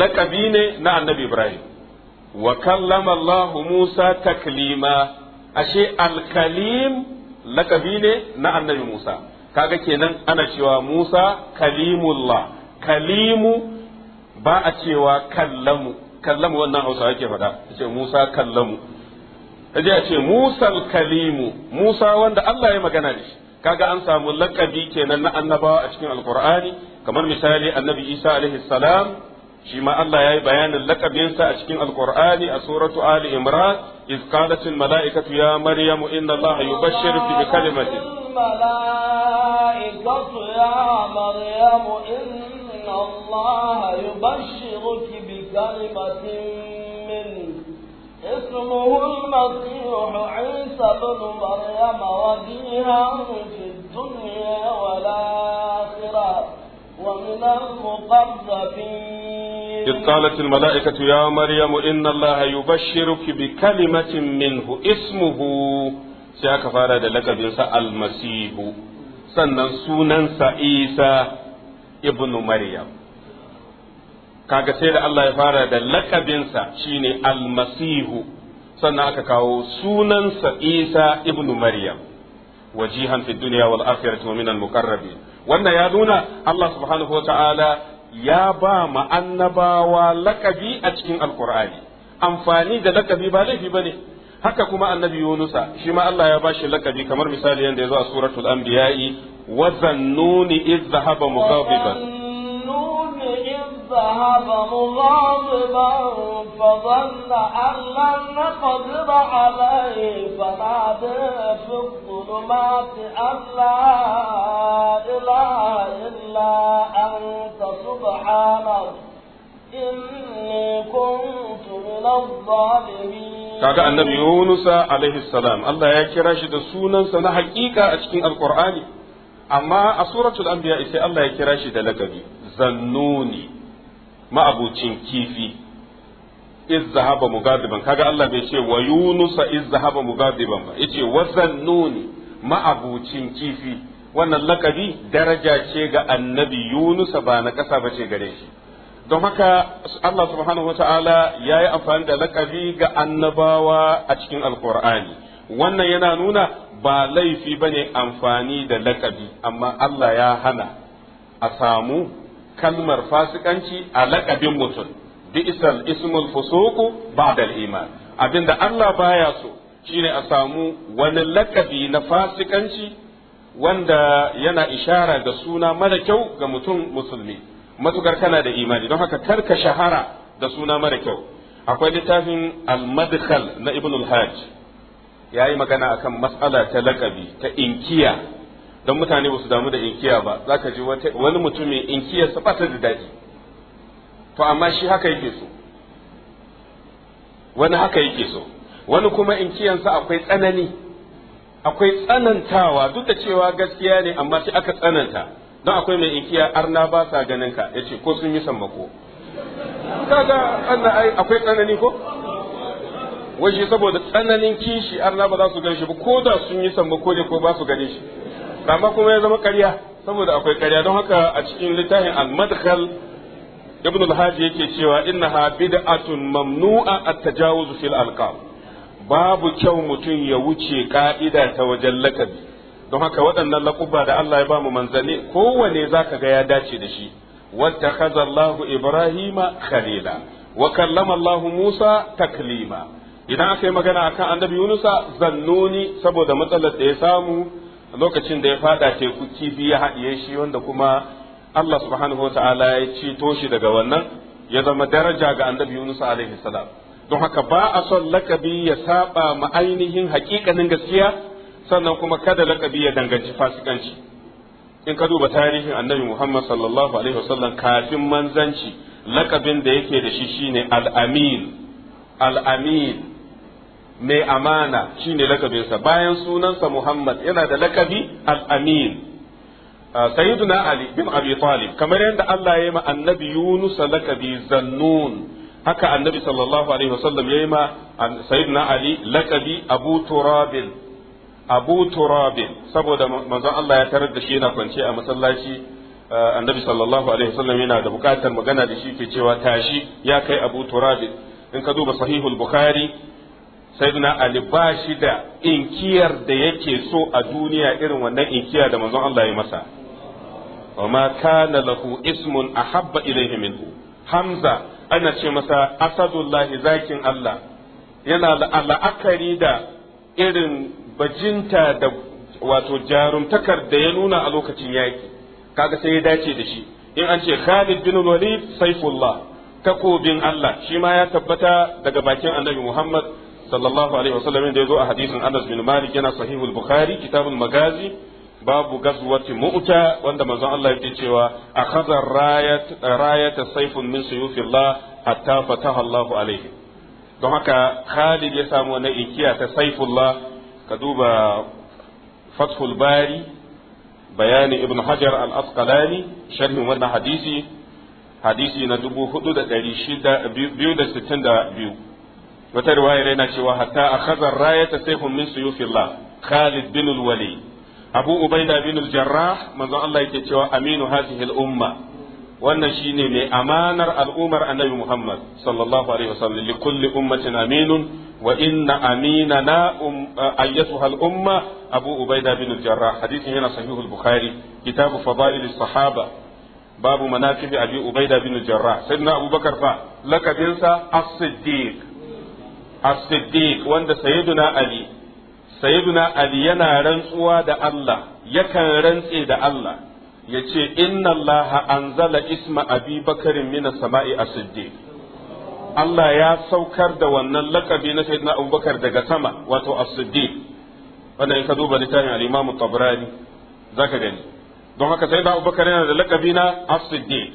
lakabi ne na annabi Ibrahim wa kallama Allahu Musa taklima ashe alkalim lakabi ne na annabi Musa kaga kenan ana cewa Musa kalimullah kalimu ba a cewa kallamu kallamu wannan hausa yake faɗa ce Musa kallamu kaje a ce Musa kalimu Musa wanda Allah ya magana da shi kaga an samu lakabi kenan na annabawa a cikin alkur'ani kamar misali annabi Isa alaihi salam shi ma Allah ya yi bayanin lakabinsa a cikin alkur'ani a suratu ali imran iz qalatil mala'ikatu ya maryamu inna allaha yubashshiru bi kalimatin الملائكة يا مريم إن الله يبشرك بكلمة منه اسمه المسيح عيسى بن مريم وجيها في الدنيا والآخرة ومن المقربين إذ قالت الملائكة يا مريم إن الله يبشرك بكلمة منه اسمه سياك فارد لك بنسى المسيح سنن سنن عيسى ابن مريم kaga sai da Allah ya fara da lakabinsa shine almasihu sannan aka kawo sunansa Isa ibnu Maryam wajihan fi dunya wal akhirati wa minal wannan ya nuna Allah subhanahu wa ta'ala ya ba ma annabawa lakabi a cikin alkur'ani amfani da lakabi ba laifi bane haka kuma annabi yunusa shi ma Allah ya ba shi lakabi kamar misali yanda yazo a suratul anbiya'i wa zannuni iz zahaba mughadiban ذهب مغاضبا فظن أن لن نقدر عليه فنادى في الظلمات أن لا أنت سبحانك إني كنت من الظالمين kaga annabi Yunusa alaihi salam Allah ya kira shi da sunansa na hakika a cikin alqur'ani amma a suratul anbiya sai Allah ya kira shi da lakabi zannuni ma'abucin kifi iz zahaba mugadiban kaga Allah bai ce wa yunusa iz zahaba mugadiban ba yace wa zannuni ma'abucin kifi wannan lakabi daraja ce ga annabi yunusa ba na ƙasa ba ce gare shi don haka Allah subhanahu wa ta'ala ya yi amfani da lakabi ga annabawa a cikin alkur'ani wannan yana nuna ba laifi ba ne amfani da lakabi amma Allah ya hana a samu kalmar fasikanci a lakabin mutum bi'sal ismul fusuqu ba'da al-iman abinda Allah baya so shine a samu wani lakabi na fasikanci wanda yana ishara da suna mara kyau ga mutum musulmi matukar kana da imani don haka karka shahara da suna mara kyau akwai littafin al-madkhal na ibn al-hajj ya yi magana akan matsala ta lakabi ta inkiya don mutane ba su damu da inkiya ba zaka ka ji wani mutumin inkiya ba da daɗi to amma shi haka yake so wani haka yake so wani kuma inkiyansa akwai tsanani akwai tsanantawa duk da cewa gaskiya ne amma sai aka tsananta don akwai mai inkiya arna ba sa ganin ka yace ko sun yi sammako kaga Allah ai akwai tsanani ko waje saboda tsananin kishi arna ba za su gan shi ba ko da sun yi sammako ne ko ba su gane shi amma kuma ya zama ƙarya saboda akwai ƙarya don haka a cikin littafin al-madkhal ibn al-hajj yake cewa innaha bid'atun mamnu'a at-tajawuz fil alqab babu kyau mutum ya wuce ka'ida ta wajen lakabi don haka waɗannan laƙuba da Allah ya ba mu manzanni kowane za ka ga ya dace da shi wata kaza Allahu Ibrahima khalila wa kallama Allahu Musa taklima idan aka yi magana akan annabi Yunusa zannoni saboda matsalar da ya samu lokacin da ya fada teku kifi ya haɗiye shi wanda kuma Allah subhanahu wa ta'ala ya ceto shi daga wannan ya zama daraja ga annabi Yunusa alaihi salam don haka ba a son lakabi ya saba ma ainihin hakikanin gaskiya sannan kuma kada lakabi ya danganci fasikanci in ka duba tarihin annabi Muhammad sallallahu alaihi wasallam kafin manzanci lakabin da yake da shi shine al-amin al-amin mai amana shine lakabinsa bayan sunansa Muhammad yana da lakabi al-amin ah, sayyiduna ali bin abi talib kamar yadda Allah ya yi ma annabi yunus lakabi zannun haka annabi sallallahu alaihi wasallam yayi ma sayyidina ali laqabi abu turabil abu turabil saboda manzon Allah ya tarar da shi yana kwance a masallaci eh, annabi sallallahu alaihi wasallam yana da bukatar magana da shi ke cewa tashi ya kai abu turabil in ka duba sahihul bukhari sayyidina ali ba shi da inkiyar da yake so a duniya irin wannan inkiya da manzon Allah ya masa wa ma kana lahu ismun ahabba ilayhi minhu hamza ana ce masa asadullahi zakin Allah yana la'akari da irin bajinta da wato jarumtakar da ya nuna a lokacin yaƙi kaga sai ya dace da shi in an ce Khalid bin Walid Saifullah takobin Allah shi ma ya tabbata daga bakin Annabi Muhammad sallallahu alaihi wasallam da ya zo a hadisin Anas bin Malik yana sahihul Bukhari kitabul Magazi babu gazwati mu'ta wanda manzon Allah yake cewa akhadha rayat rayat sayfun min suyufillah hatta fataha Allah alaihi don haka Khalid ya samu wannan ikiya ta saifullah ka duba fathul bari bayani ibn hajar al-asqalani sharhin wannan hadisi hadisi na dubu hudu da da da shida biyu sittin biyu. wata riwaya yana cewa hatta akhadha rayata sayfun min suyufillah Khalid bin al-Walid abu ubaida bin jarrah manzon Allah yake cewa aminu hadhihi al-umma wannan shine mai amanar al'ummar annabi Muhammad sallallahu alaihi wasallam li kulli ummatin aminun wa inna aminana um-, ayyatuha al-umma abu ubaida bin jarrah hadisin yana sahihul bukhari kitabu fadail sahaba babu manaqibi abi ubaida bin jarrah sayyidina abubakar fa lakabinsa as-siddiq as-siddiq wanda sayyiduna ali sayyiduna ali yana rantsuwa da Allah yakan rantse da Allah yace inna allaha anzala isma abi bakarin minas sama'i as-siddiq Allah ya saukar da wannan lakabi na sayyidina abubakar daga sama wato as-siddiq wanda in ka duba littafin al-imam tabrani zaka gani don haka sayyidina abubakar yana da lakabi na as-siddiq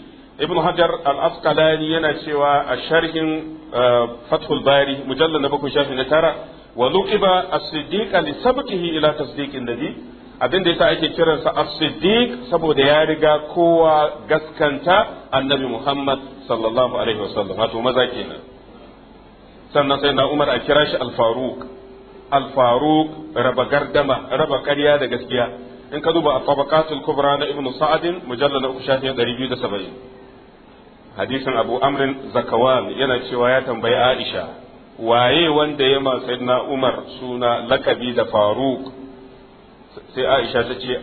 ibn hajar al-asqalani yana cewa a sharhin eh, fathul bari mujallal na bakwai shafi na tara wa luqiba as-siddiq li sabqihi ila tasdiqin nabi abin da yasa ake kiransa as-siddiq saboda ya riga kowa gaskanta annabi Muhammad sallallahu alaihi wasallam wato maza kenan sannan sai na Umar a kira shi al-Faruq al-Faruq raba gardama raba ƙarya da gaskiya in ka duba at-tabaqatul kubra na Ibn Sa'd mujallal 270 hadisin Abu Amr Zakawan yana cewa ya tambayi Aisha waye wanda ya matsayi umar suna lakabi da faruk sai aisha ta ce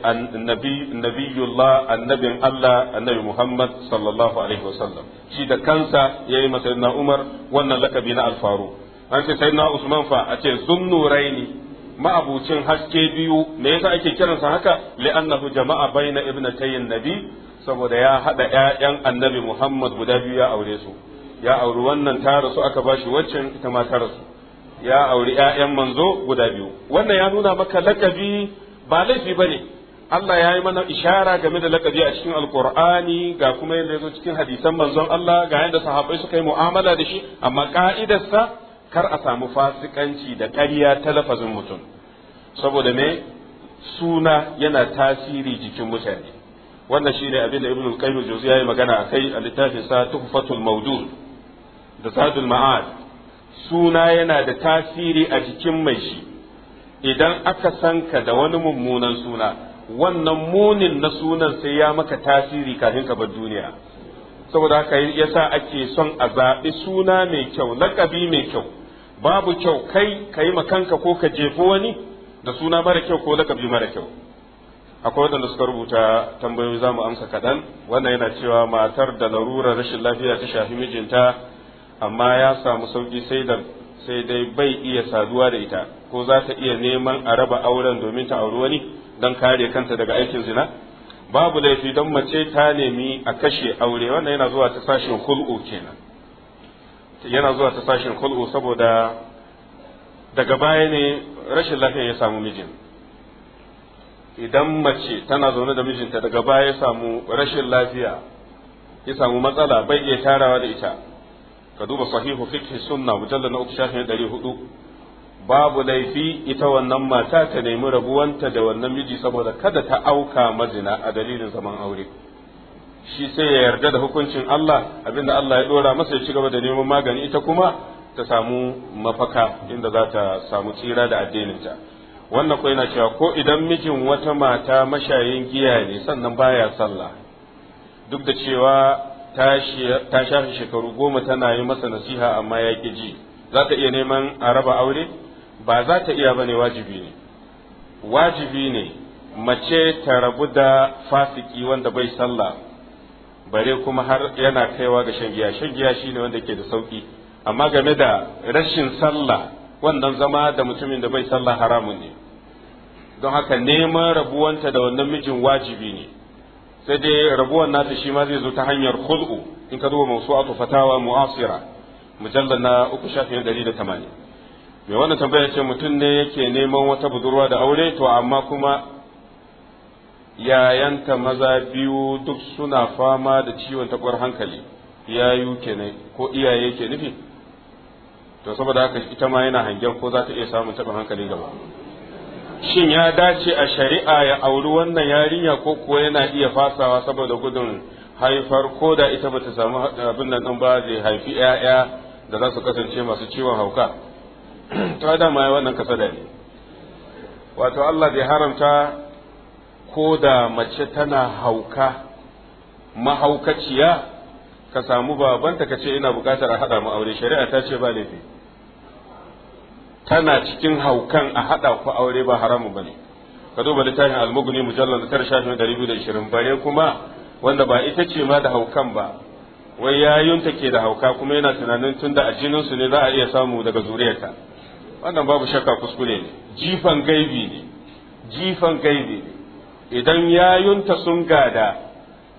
nabiyullah annabin allah annabi muhammad sallallahu alaihi wasallam shi da kansa ya yi matsayi umar wannan lakabi na alfaru an ce sai usman fa a ce zunnuraini ma'abucin haske biyu me yasa ake kiransa haka li'annahu jama'a baina ibnatayn nabi saboda ya hada ƴaƴan annabi muhammad guda biyu ya aure su ya auri wannan ta rasu aka bashi waccan ita ma ta rasu ya auri ƴaƴan manzo guda biyu wannan ya nuna maka lakabi ba laifi bane Allah ya yi mana ishara game da lakabi a cikin alkur'ani ga kuma yadda yazo cikin hadisan manzon Allah ga yadda sahabbai suka yi mu'amala da shi amma ka'idarsa kar a samu fasikanci da ƙarya ta lafazin mutum saboda me suna yana tasiri jikin mutane wannan shine abin da ibnu qayyim jawziya ya magana akai a littafin sa tuhfatul mawdud da zadul ma'ad suna yana da tasiri a jikin mai shi idan aka san ka da wani mummunan suna wannan munin na sunan sai ya maka tasiri kafin ka bar duniya saboda haka yasa ake son a zaɓi suna mai kyau laƙabi mai kyau babu kyau kai ka yi kanka ko ka jefi wani da suna mara kyau ko laƙabi mara kyau akwai wanda suka rubuta tambayoyi za mu amsa kaɗan wannan yana cewa matar da larurar rashin lafiya ta shafi mijinta amma ya samu sauki sai da sai dai bai iya saduwa da ita ko za ta iya neman a raba auren domin ta auri wani don kare kanta daga aikin zina babu laifi don mace ta nemi a kashe aure wannan yana zuwa ta sashin hul'u kenan yana zuwa ta sashin hul'u saboda daga baya ne rashin lafiya ya samu mijin idan mace tana zaune da mijinta daga baya ya samu rashin lafiya ya samu matsala bai iya tarawa da ita ka duba sahihu fiqh sunna mujallal na uku shafin ɗari hudu babu laifi ita wannan mata ta nemi rabuwanta da wannan miji saboda kada ta auka mazina a dalilin zaman aure shi sai ya yarda da hukuncin Allah abinda Allah ya dora masa ya ci gaba da neman magani ita kuma ta samu mafaka inda za ta samu tsira da addininta wannan ko yana cewa ko idan mijin wata mata mashayin giya ne sannan baya sallah duk da cewa ta shafe shekaru goma tana yi masa nasiha amma ya ƙi ji za ta iya neman a raba aure ba za ta iya ba ne wajibi ne wajibi ne mace ta rabu da fasiki wanda bai sallah bare kuma har yana kaiwa ga shan giya shan giya shine wanda ke da sauki amma game da rashin sallah wannan zama da mutumin da bai sallah haramun ne don haka neman rabuwanta da wannan mijin wajibi ne sai dai rabuwar nata shi ma zai zo ta hanyar khuz'u in ka duba mawsu'atu fatawa mu'asira mujallal na uku shafin dari da tamanin mai wannan tambaya ce mutum ne yake neman wata budurwa da aure to amma kuma yayanta maza biyu duk suna fama da ciwon taɓar hankali yayu kenan ko iyaye ke nufi to saboda haka ita ma yana hangen ko za ta iya samun taɓin hankali gaba shin ya dace a shari'a ya auri wannan yarinya ko kuwa yana iya fasawa saboda gudun haifar ko da ita bata samu abin nan ɗin ba zai haifi 'ya'ya da za su kasance masu ciwon hauka ta da ma wannan da ne wato Allah bai haramta ko da mace tana hauka mahaukaciya ka samu babanta ka ce ina bukatar a haɗa mu aure shari'a ta ce ba laifi tana cikin haukan a haɗa ku aure ba haramu ba ne ka duba littafin almuguni mujallar da tara shafin dari biyu da ishirin bare kuma wanda ba ita ce ma da haukan ba wai yayunta ke da hauka kuma yana tunanin tunda da a su ne za a iya samu daga zuriyarta wannan babu shakka kuskure ne jifan gaibi ne jifan gaibi ne idan yayunta sun gada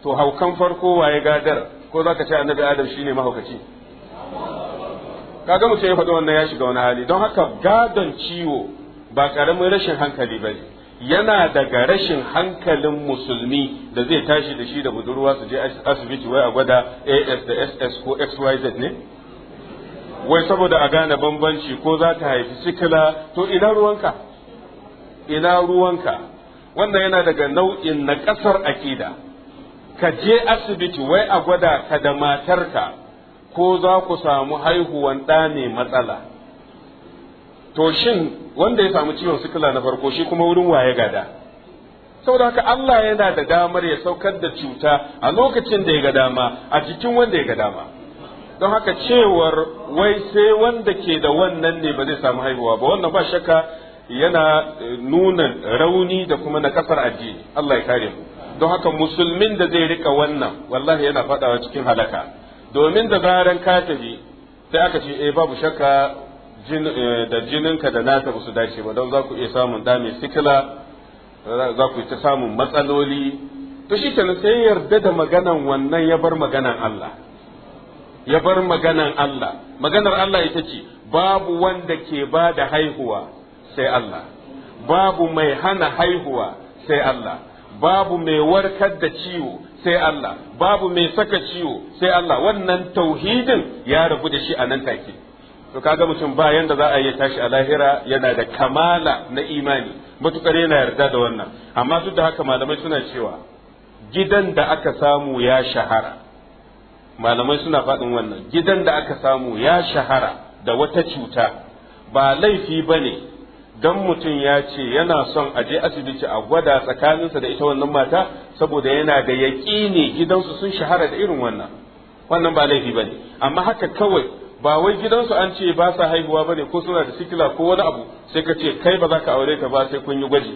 to haukan farko waye gadar ko za ka ce annabi adam shine mahaukaci kaga mutum ya faɗi wannan ya shiga wani hali don haka gadon ciwo ba ƙaramin rashin hankali ba yana daga rashin hankalin musulmi da zai tashi da shi da budurwa su je asibiti wai a gwada as da ss ko xyz ne wai saboda a gane bambanci ko za ta haifi sikila to ina ruwanka ina ruwanka wannan yana daga nau'in na ƙasar akida ka je asibiti wai a gwada ka da matarka ko za ku samu haihuwan ɗa mai matsala to shin wanda ya samu ciwon sikila na farko shi kuma wurin waye gada saboda haka Allah yana da damar ya saukar da cuta a lokacin da ya ga dama a cikin wanda ya ga dama don haka cewar wai sai wanda ke da wannan ne ba zai samu haihuwa ba wannan ba shakka yana eh, nuna rauni da kuma na kasar addini Allah ya kare mu don haka musulmin da zai rika wannan wallahi yana faɗawa cikin halaka domin da zaran ka tafi sai aka ce eh babu shakka eh, da jininka da nasa ba su dace ba don za ku iya samun da mai sikila za ku ta samun matsaloli to shi kenan sai yarda da maganan wannan ya bar maganan Allah ya bar maganan Allah maganar Allah ita ce babu wanda ke ba da haihuwa sai Allah babu mai hana haihuwa sai Allah babu mai warkar da ciwo sai Allah babu mai saka ciwo sai Allah wannan tauhidin ya rabu da shi a nan take to kaga mutum ba yanda za a yi tashi a lahira yana da kamala na imani matukar yana yarda da wannan amma duk da haka malamai suna cewa gidan da aka samu ya shahara malamai suna faɗin wannan gidan da aka samu ya shahara da wata cuta ba laifi bane dan mutum ya ce yana son a je asibiti a gwada tsakaninsa da ita wannan mata saboda yana da ne gidansu sun shahara da irin wannan wannan ba laifi bane amma haka kawai ba wai gidansu an ce ba sa haihuwa bane ko suna da sikila ko wani abu sai ka ce kai ba za ka aure ka ba sai kun yi gwaji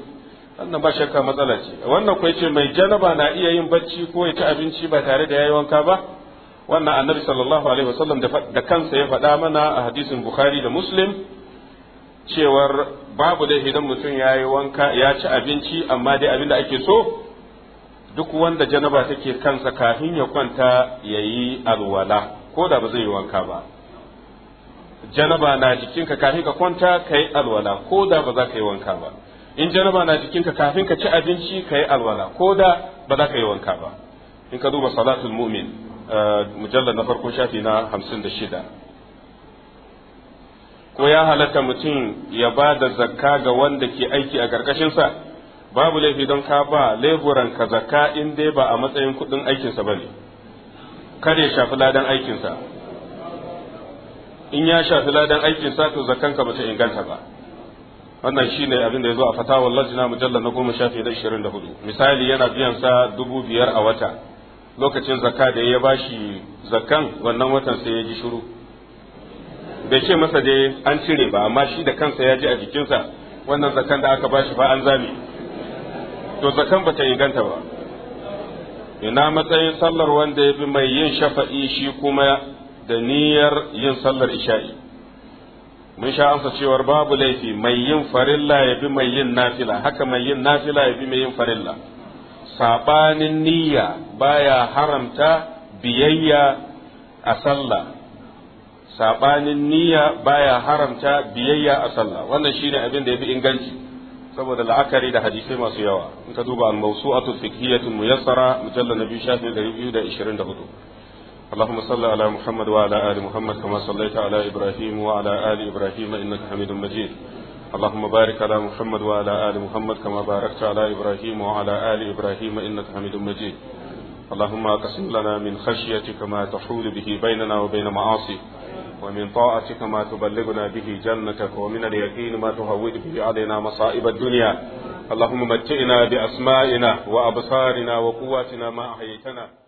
wannan ba shakka matsala ce wannan ko ce mai janaba na iya yin bacci ko ya ci abinci ba tare da yayi wanka ba wannan annabi sallallahu alaihi wasallam da kansa ya faɗa mana a hadisin bukhari da muslim cewar babu dai idan mutum ya yi wanka ya ci abinci amma dai abin da ake so duk wanda janaba take kansa kafin ya kwanta ya yi alwala ko da ba zai yi wanka ba janaba na jikinka kafin ka kwanta ka yi alwala ko da ba za ka yi wanka ba in janaba na jikinka kafin ka ci abinci ka yi alwala ko da ba za ka yi wanka ba in ka duba salatul mumin eh, mujallar na farko shafi na hamsin da shida ko ya halatta mutum ya ba da zakka ga wanda ke aiki a ƙarƙashinsa babu laifi don ka ba leburan ka zakka in dai ba a matsayin kuɗin aikinsa ba ne kada ya shafi ladan aikinsa in ya shafi ladan aikinsa to zakkanka ka ta inganta ba wannan shi ne abin da ya zo a fatawar lajina mujallar na goma shafi na ishirin da hudu misali yana biyan sa dubu biyar a wata lokacin zakka da ya bashi zakkan wannan watan sai ya ji shuru. bai ce masa dai an cire ba amma shi da kansa ya ji a jikinsa wannan zakan da aka bashi fa an zame to zakan bata inganta ba ina matsayin sallar wanda ya fi mai yin shafa'i shi kuma da niyyar yin sallar isha'i mun sha amsa cewar babu laifi mai yin farilla ya fi mai yin nafila haka mai yin nafila ya bi mai yin farilla saɓanin niyya baya haramta biyayya a sallah sabanin niyya baya haramta biyayya a sallah wannan shine abin da yafi inganci saboda la'akari da hadisai masu yawa in ka duba al-mawsu'atu fiqhiyatul muyassara mujallal nabi shafi 224 اللهم صل على محمد وعلى آل محمد كما صليت على إبراهيم وعلى آل إبراهيم إنك حميد مجيد اللهم بارك على محمد وعلى آل محمد كما باركت على إبراهيم وعلى آل إبراهيم إنك حميد مجيد اللهم أقسم لنا من خشيتك ما تحول به بيننا وبين معاصيك ومن طاعتك ما تبلغنا به جنتك ومن اليقين ما تهود به علينا مصائب الدنيا اللهم متئنا بأسمائنا وأبصارنا وقواتنا ما أحييتنا